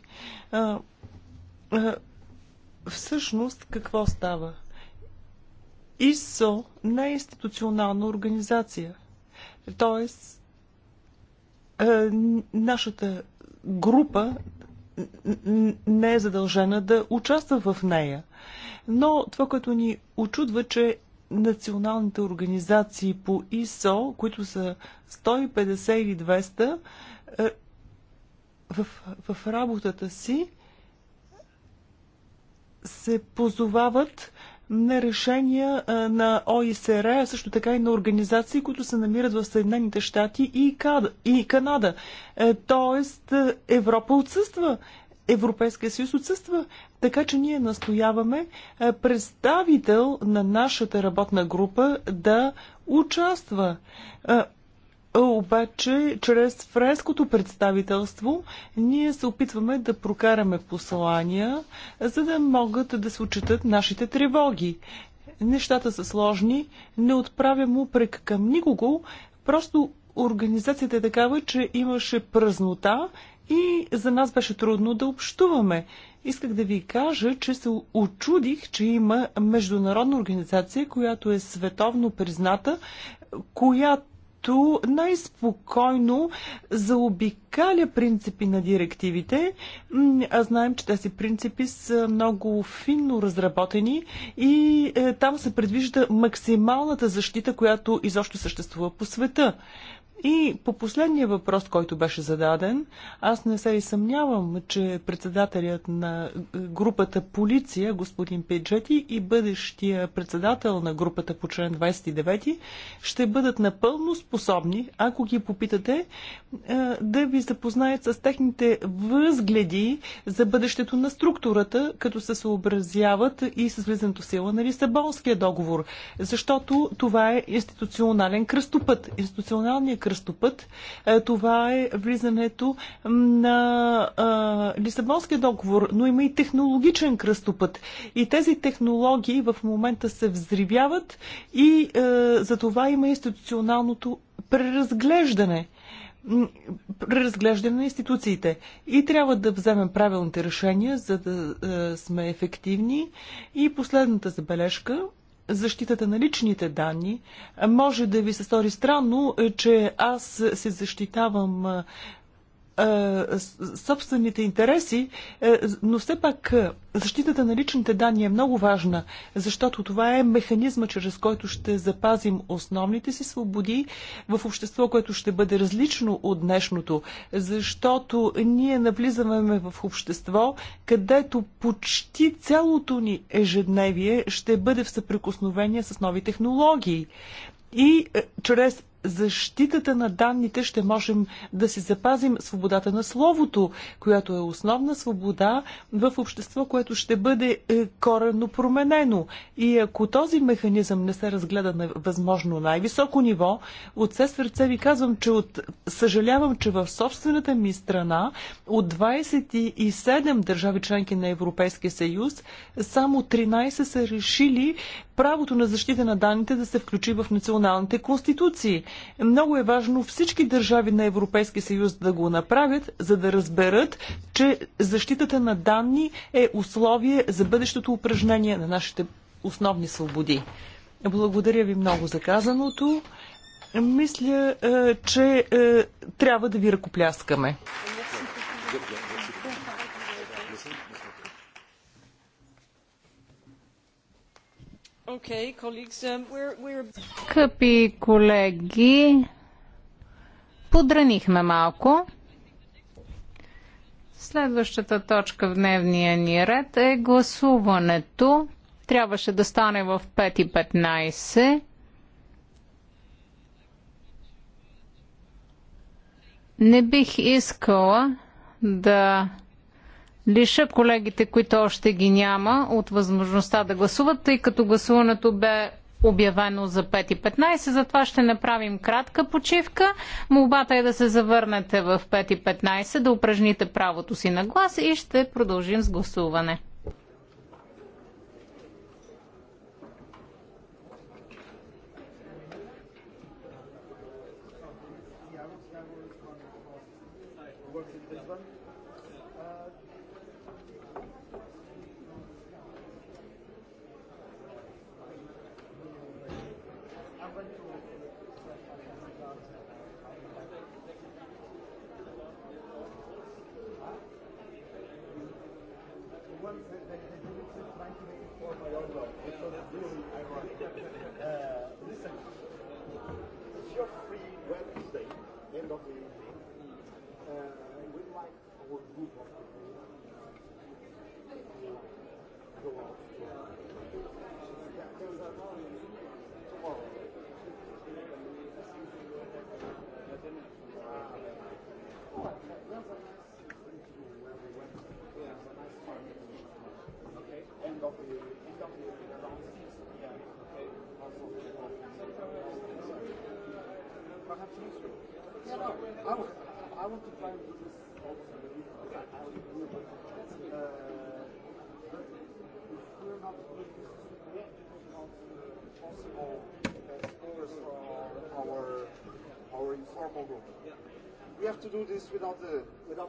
А, а, всъщност, какво става? ИСО не е институционална организация. Тоест, а, нашата група не е задължена да участва в нея. Но това, което ни очудва, че националните организации по ИСО, които са 150 или 200, е, в, в работата си се позовават на решения е, на ОИСР, а също така и на организации, които се намират в Съединените щати и, Канада. Е, тоест Европа отсъства. Европейския съюз отсъства, така че ние настояваме е, представител на нашата работна група да участва. Е, е, обаче, чрез френското представителство, ние се опитваме да прокараме послания, за да могат да се отчитат нашите тревоги. Нещата са сложни, не отправям упрек към никого, просто организацията е такава, че имаше празнота и за нас беше трудно да общуваме. Исках да ви кажа, че се очудих, че има международна организация, която е световно призната, която най-спокойно заобикаля принципи на директивите. А знаем, че тези принципи са много финно разработени и е, там се предвижда максималната защита, която изобщо съществува по света. И по последния въпрос, който беше зададен, аз не се и съмнявам, че председателят на групата полиция, господин Пейджети и бъдещия председател на групата по член 29 ще бъдат напълно способни, ако ги попитате, е, да ви запознаят с техните възгледи за бъдещето на структурата, като се съобразяват и с влизането сила на Лисабонския договор. Защото това е институционален кръстопът. Институционалният кръстопът. Е, това е влизането на Лисабонския договор, но има и технологичен кръстопът. И тези технологии в момента се взривяват и е, за това има институционалното преразглеждане преразглеждане на институциите. И трябва да вземем правилните решения, за да е, сме ефективни. И последната забележка защитата на личните данни. Може да ви се стори странно, е, че аз се защитавам е, собствените интереси, но все пак защитата на личните данни е много важна, защото това е механизма, чрез който ще запазим основните си свободи в общество, което ще бъде различно от днешното, защото ние навлизаме в общество, където почти цялото ни ежедневие ще бъде в съприкосновение с нови технологии. И чрез защитата на данните ще можем да си запазим свободата на словото, която е основна свобода в общество, което ще бъде е, коренно променено. И ако този механизъм не се разгледа на възможно най-високо ниво, от все сърце ви казвам, че от... съжалявам, че в собствената ми страна от 27 държави членки на Европейския съюз само 13 са решили правото на защита на данните да се включи в националните конституции. Много е важно всички държави на Европейския съюз да го направят, за да разберат, че защитата на данни е условие за бъдещото упражнение на нашите основни свободи. Благодаря ви много за казаното. Мисля, е, че е, трябва да ви ръкопляскаме. Um, Скъпи колеги, подранихме малко. Следващата точка в дневния ни ред е гласуването. Трябваше да стане в 5.15. Не бих искала да лиша колегите, които още ги няма, от възможността да гласуват, тъй като гласуването бе обявено за 5.15, затова ще направим кратка почивка. Молбата е да се завърнете в 5.15, да упражните правото си на глас и ще продължим с гласуване.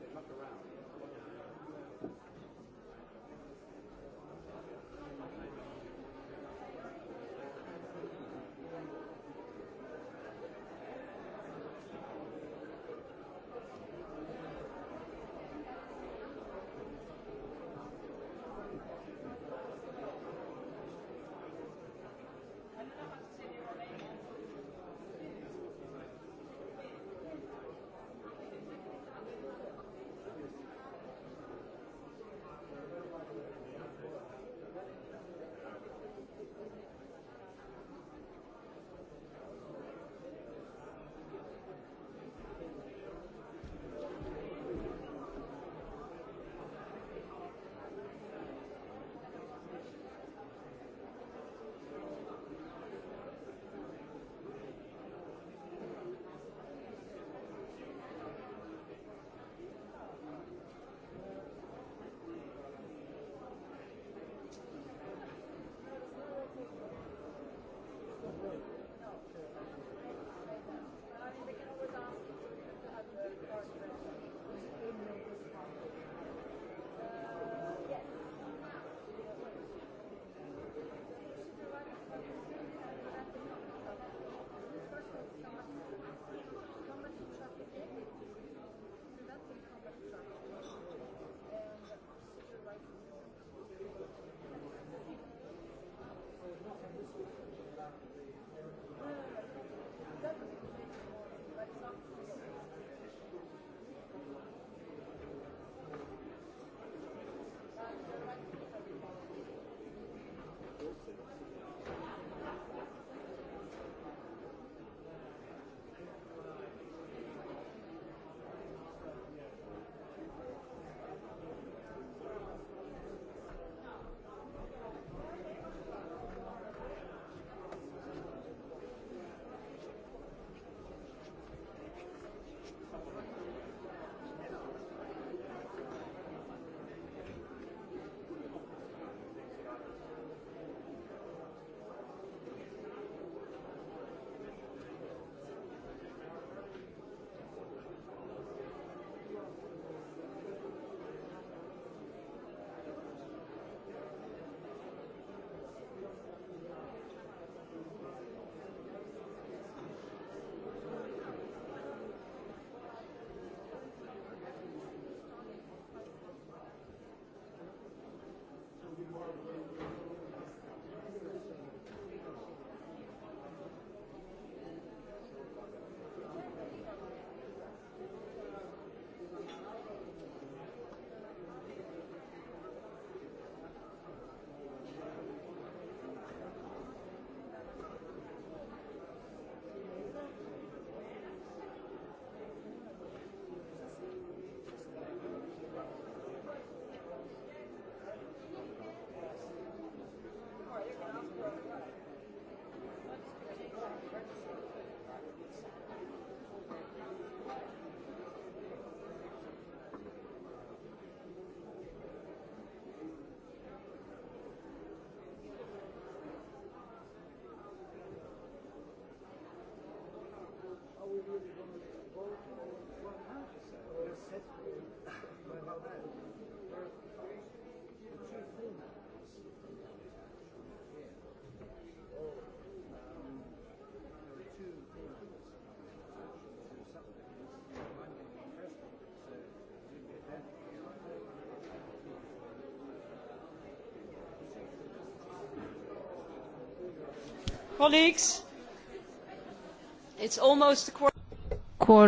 They muck around.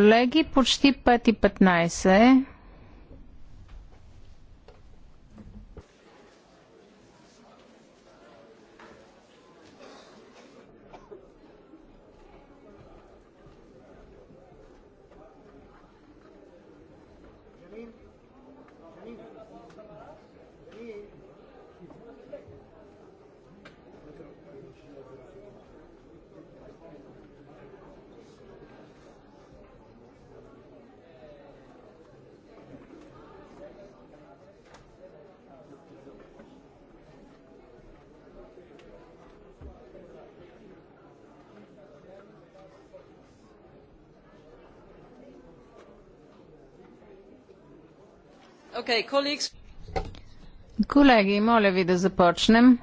Колеги, почти 5 и Колеги, моля ви да започнем.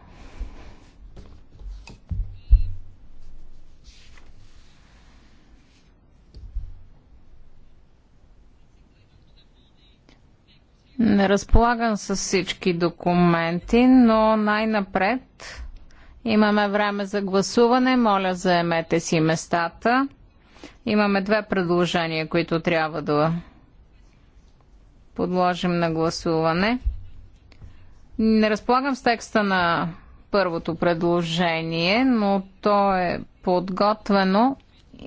Не разполагам с всички документи, но най-напред имаме време за гласуване. Моля, заемете си местата. Имаме две предложения, които трябва да подложим на гласуване. Не разполагам с текста на първото предложение, но то е подготвено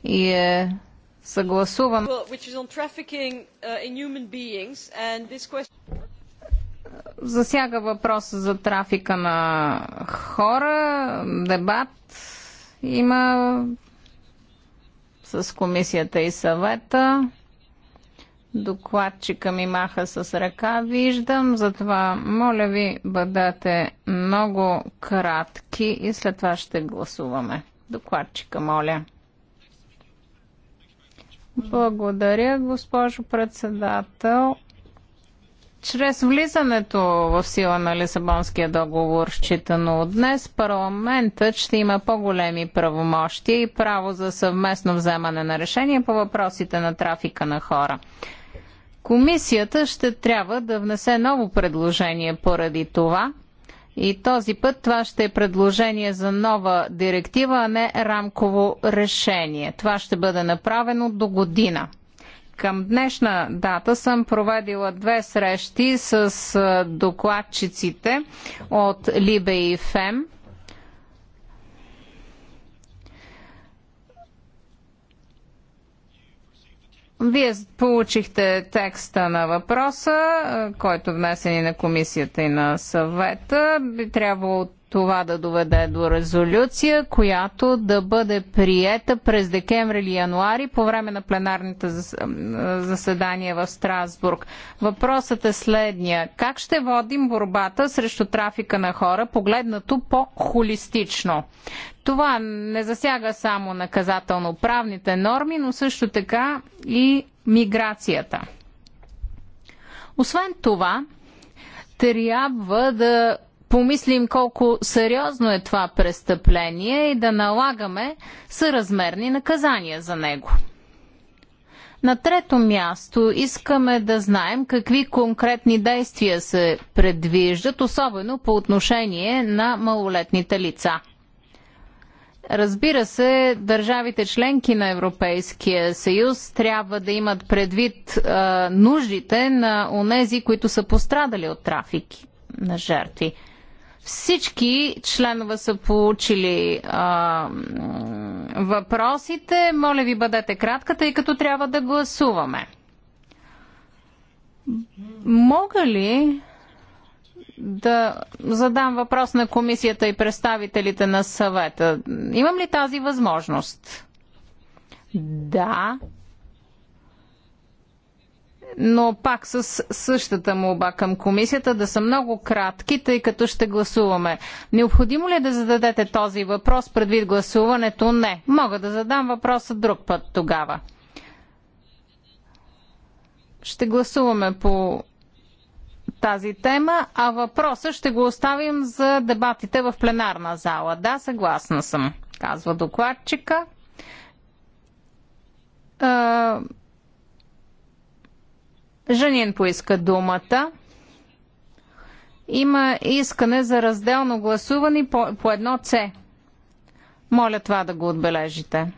и е съгласувано. Uh, Засяга въпроса за трафика на хора, дебат има с комисията и съвета докладчика ми маха с ръка, виждам, затова моля ви бъдете много кратки и след това ще гласуваме. Докладчика, моля. Благодаря, госпожо председател. Чрез влизането в сила на Лисабонския договор, считано от днес, парламентът ще има по-големи правомощия и право за съвместно вземане на решение по въпросите на трафика на хора. Комисията ще трябва да внесе ново предложение поради това. И този път това ще е предложение за нова директива, а не рамково решение. Това ще бъде направено до година. Към днешна дата съм проведила две срещи с докладчиците от Либе и ФЕМ – Вие получихте текста на въпроса, който е внесен и на комисията и на съвета. Би трябвало това да доведе до резолюция, която да бъде приета през декември или януари по време на пленарните заседания в Страсбург. Въпросът е следния. Как ще водим борбата срещу трафика на хора, погледнато по-холистично? Това не засяга само наказателно-правните норми, но също така и миграцията. Освен това, трябва да помислим колко сериозно е това престъпление и да налагаме съразмерни наказания за него. На трето място искаме да знаем какви конкретни действия се предвиждат, особено по отношение на малолетните лица. Разбира се, държавите членки на Европейския съюз трябва да имат предвид а, нуждите на онези, които са пострадали от трафик на жертви. Всички членове са получили а, въпросите. Моля ви, бъдете кратка, тъй като трябва да гласуваме. Мога ли да задам въпрос на комисията и представителите на съвета? Имам ли тази възможност? Да, но пак с същата молба към комисията да са много кратки, тъй като ще гласуваме. Необходимо ли е да зададете този въпрос предвид гласуването? Не. Мога да задам въпроса друг път тогава. Ще гласуваме по тази тема, а въпроса ще го оставим за дебатите в пленарна зала. Да, съгласна съм, казва докладчика. Е, Женин поиска думата. Има искане за разделно гласуване по, по едно С. Моля това да го отбележите.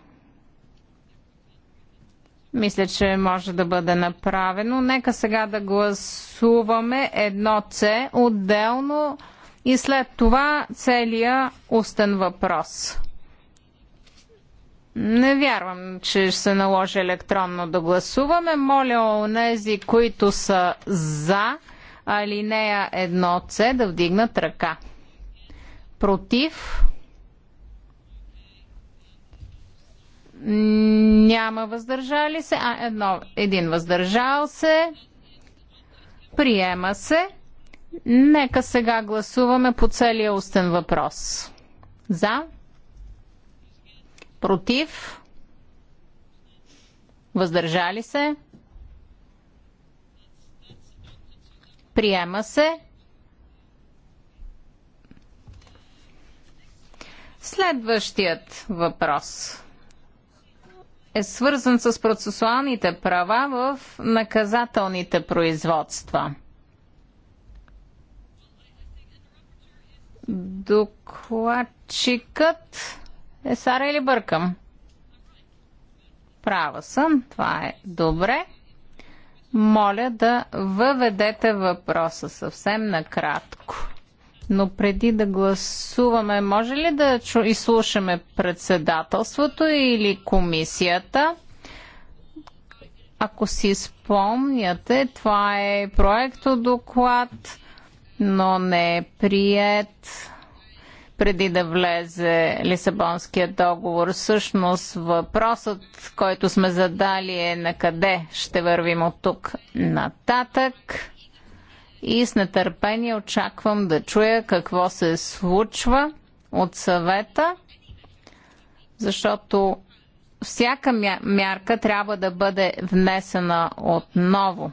Мисля, че може да бъде направено. Нека сега да гласуваме едно С отделно и след това целия устен въпрос. Не вярвам, че ще се наложи електронно да гласуваме. Моля нези, които са за алинея 1 С да вдигнат ръка. Против? Няма въздържали се. А, едно, един въздържал се. Приема се. Нека сега гласуваме по целия устен въпрос. За? против, въздържали се, приема се. Следващият въпрос е свързан с процесуалните права в наказателните производства. Докладчикът е, Сара или бъркам? Права съм, това е добре. Моля да въведете въпроса съвсем накратко. Но преди да гласуваме, може ли да изслушаме председателството или комисията? Ако си спомняте, това е проекто доклад, но не е прият преди да влезе Лисабонския договор. Всъщност въпросът, който сме задали е на къде ще вървим от тук нататък. И с нетърпение очаквам да чуя какво се случва от съвета, защото всяка мярка трябва да бъде внесена отново.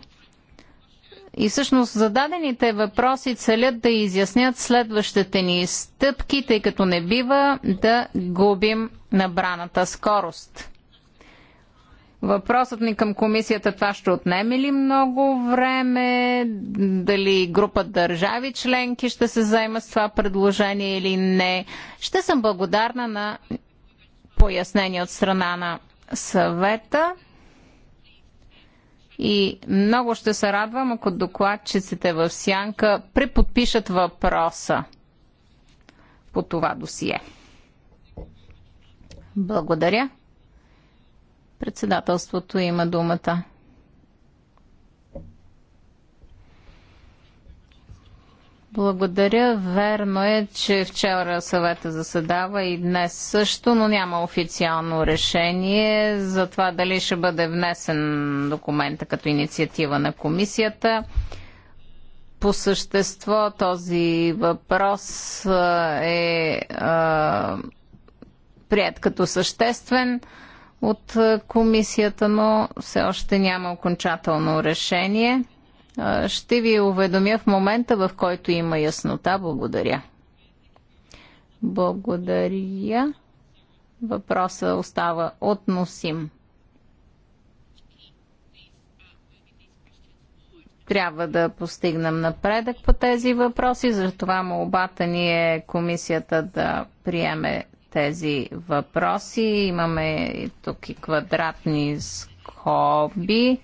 И всъщност зададените въпроси целят да изяснят следващите ни стъпки, тъй като не бива да губим набраната скорост. Въпросът ни към комисията това ще отнеме ли много време? Дали група държави членки ще се заема с това предложение или не? Ще съм благодарна на пояснение от страна на съвета. И много ще се радвам, ако докладчиците в Сянка преподпишат въпроса по това досие. Благодаря. Председателството има думата. Благодаря. Верно е, че вчера съвета заседава и днес също, но няма официално решение за това дали ще бъде внесен документа като инициатива на комисията. По същество този въпрос е прият като съществен от комисията, но все още няма окончателно решение. Ще ви уведомя в момента, в който има яснота. Благодаря. Благодаря. Въпросът остава относим. трябва да постигнем напредък по тези въпроси, затова молбата ни е комисията да приеме тези въпроси. Имаме и тук и квадратни скоби.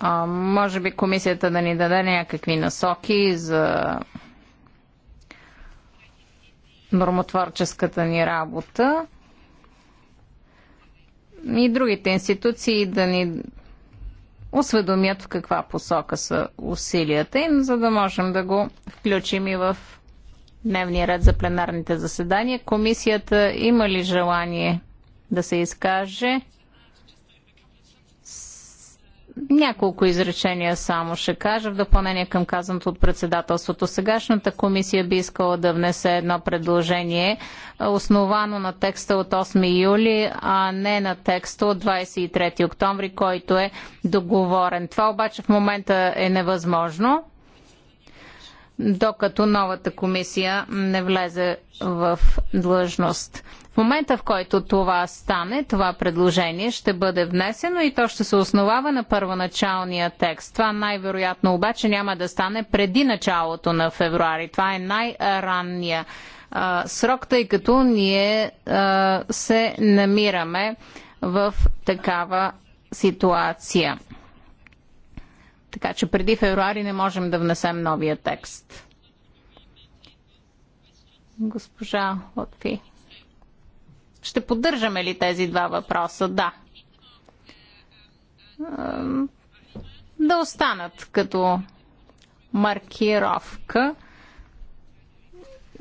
А, може би комисията да ни даде някакви насоки за нормотворческата ни работа и другите институции да ни осведомят в каква посока са усилията им, за да можем да го включим и в дневния ред за пленарните заседания. Комисията има ли желание да се изкаже? Няколко изречения само ще кажа в допълнение към казаното от председателството. Сегашната комисия би искала да внесе едно предложение, основано на текста от 8 юли, а не на текста от 23 октомври, който е договорен. Това обаче в момента е невъзможно, докато новата комисия не влезе в длъжност. В момента, в който това стане, това предложение ще бъде внесено и то ще се основава на първоначалния текст. Това най-вероятно обаче няма да стане преди началото на февруари. Това е най-ранния срок, тъй като ние а, се намираме в такава ситуация. Така че преди февруари не можем да внесем новия текст. Госпожа Отфи. Ще поддържаме ли тези два въпроса? Да. Да останат като маркировка.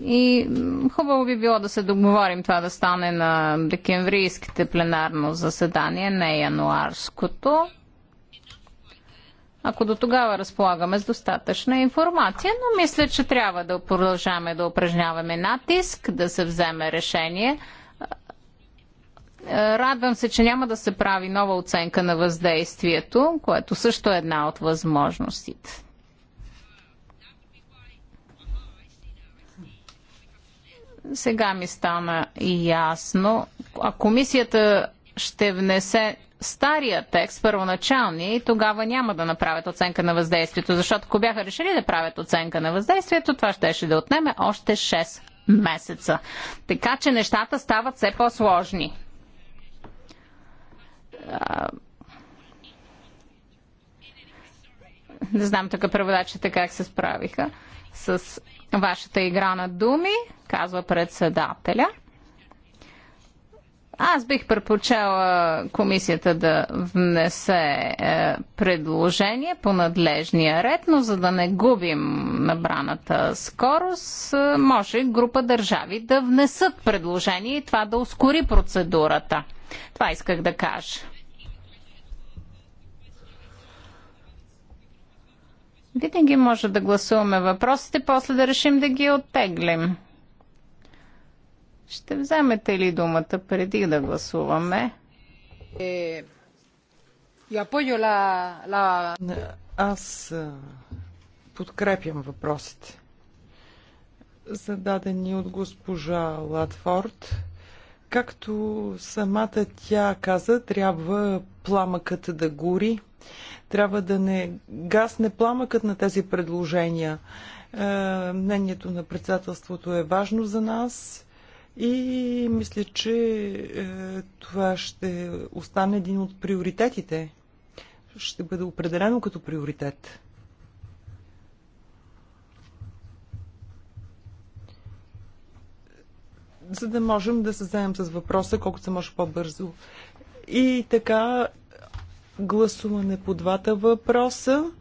И хубаво би било да се договорим това да стане на декемврийските пленарно заседание, не януарското. Ако до тогава разполагаме с достатъчна информация, но мисля, че трябва да продължаваме да упражняваме натиск, да се вземе решение. Е, радвам се, че няма да се прави нова оценка на въздействието, което също е една от възможностите. Сега ми стана ясно. А комисията ще внесе стария текст, първоначалния, и тогава няма да направят оценка на въздействието, защото ако бяха решили да правят оценка на въздействието, това ще, ще да отнеме още 6 месеца. Така че нещата стават все по-сложни не знам тук преводачите как се справиха с вашата игра на думи, казва председателя. Аз бих предпочела комисията да внесе е, предложение по надлежния ред, но за да не губим набраната скорост, е, може група държави да внесат предложение и това да ускори процедурата. Това исках да кажа. Винаги може да гласуваме въпросите, после да решим да ги оттеглим. Ще вземете ли думата преди да гласуваме? Е, аз подкрепям въпросите, зададени от госпожа Латфорд. Както самата тя каза, трябва пламъкът да гори. Трябва да не гасне пламъкът на тези предложения. Е, мнението на председателството е важно за нас и мисля, че е, това ще остане един от приоритетите. Ще бъде определено като приоритет. за да можем да се вземем с въпроса колкото се може по-бързо. И така, гласуване по двата въпроса.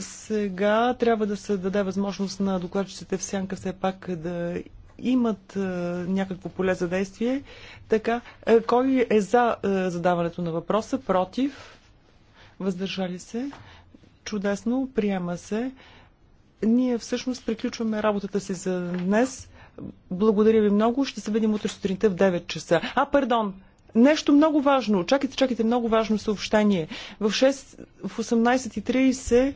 Сега трябва да се даде възможност на докладчиците в сянка все пак да имат е, някакво поле за действие. Така, е, кой е за е, задаването на въпроса? Против? Въздържали се? Чудесно, приема се. Ние всъщност приключваме работата си за днес. Благодаря ви много. Ще се видим утре сутринта в 9 часа. А, пардон! Нещо много важно. Чакайте, чакайте, много важно съобщение. В, 6, в 18.30 се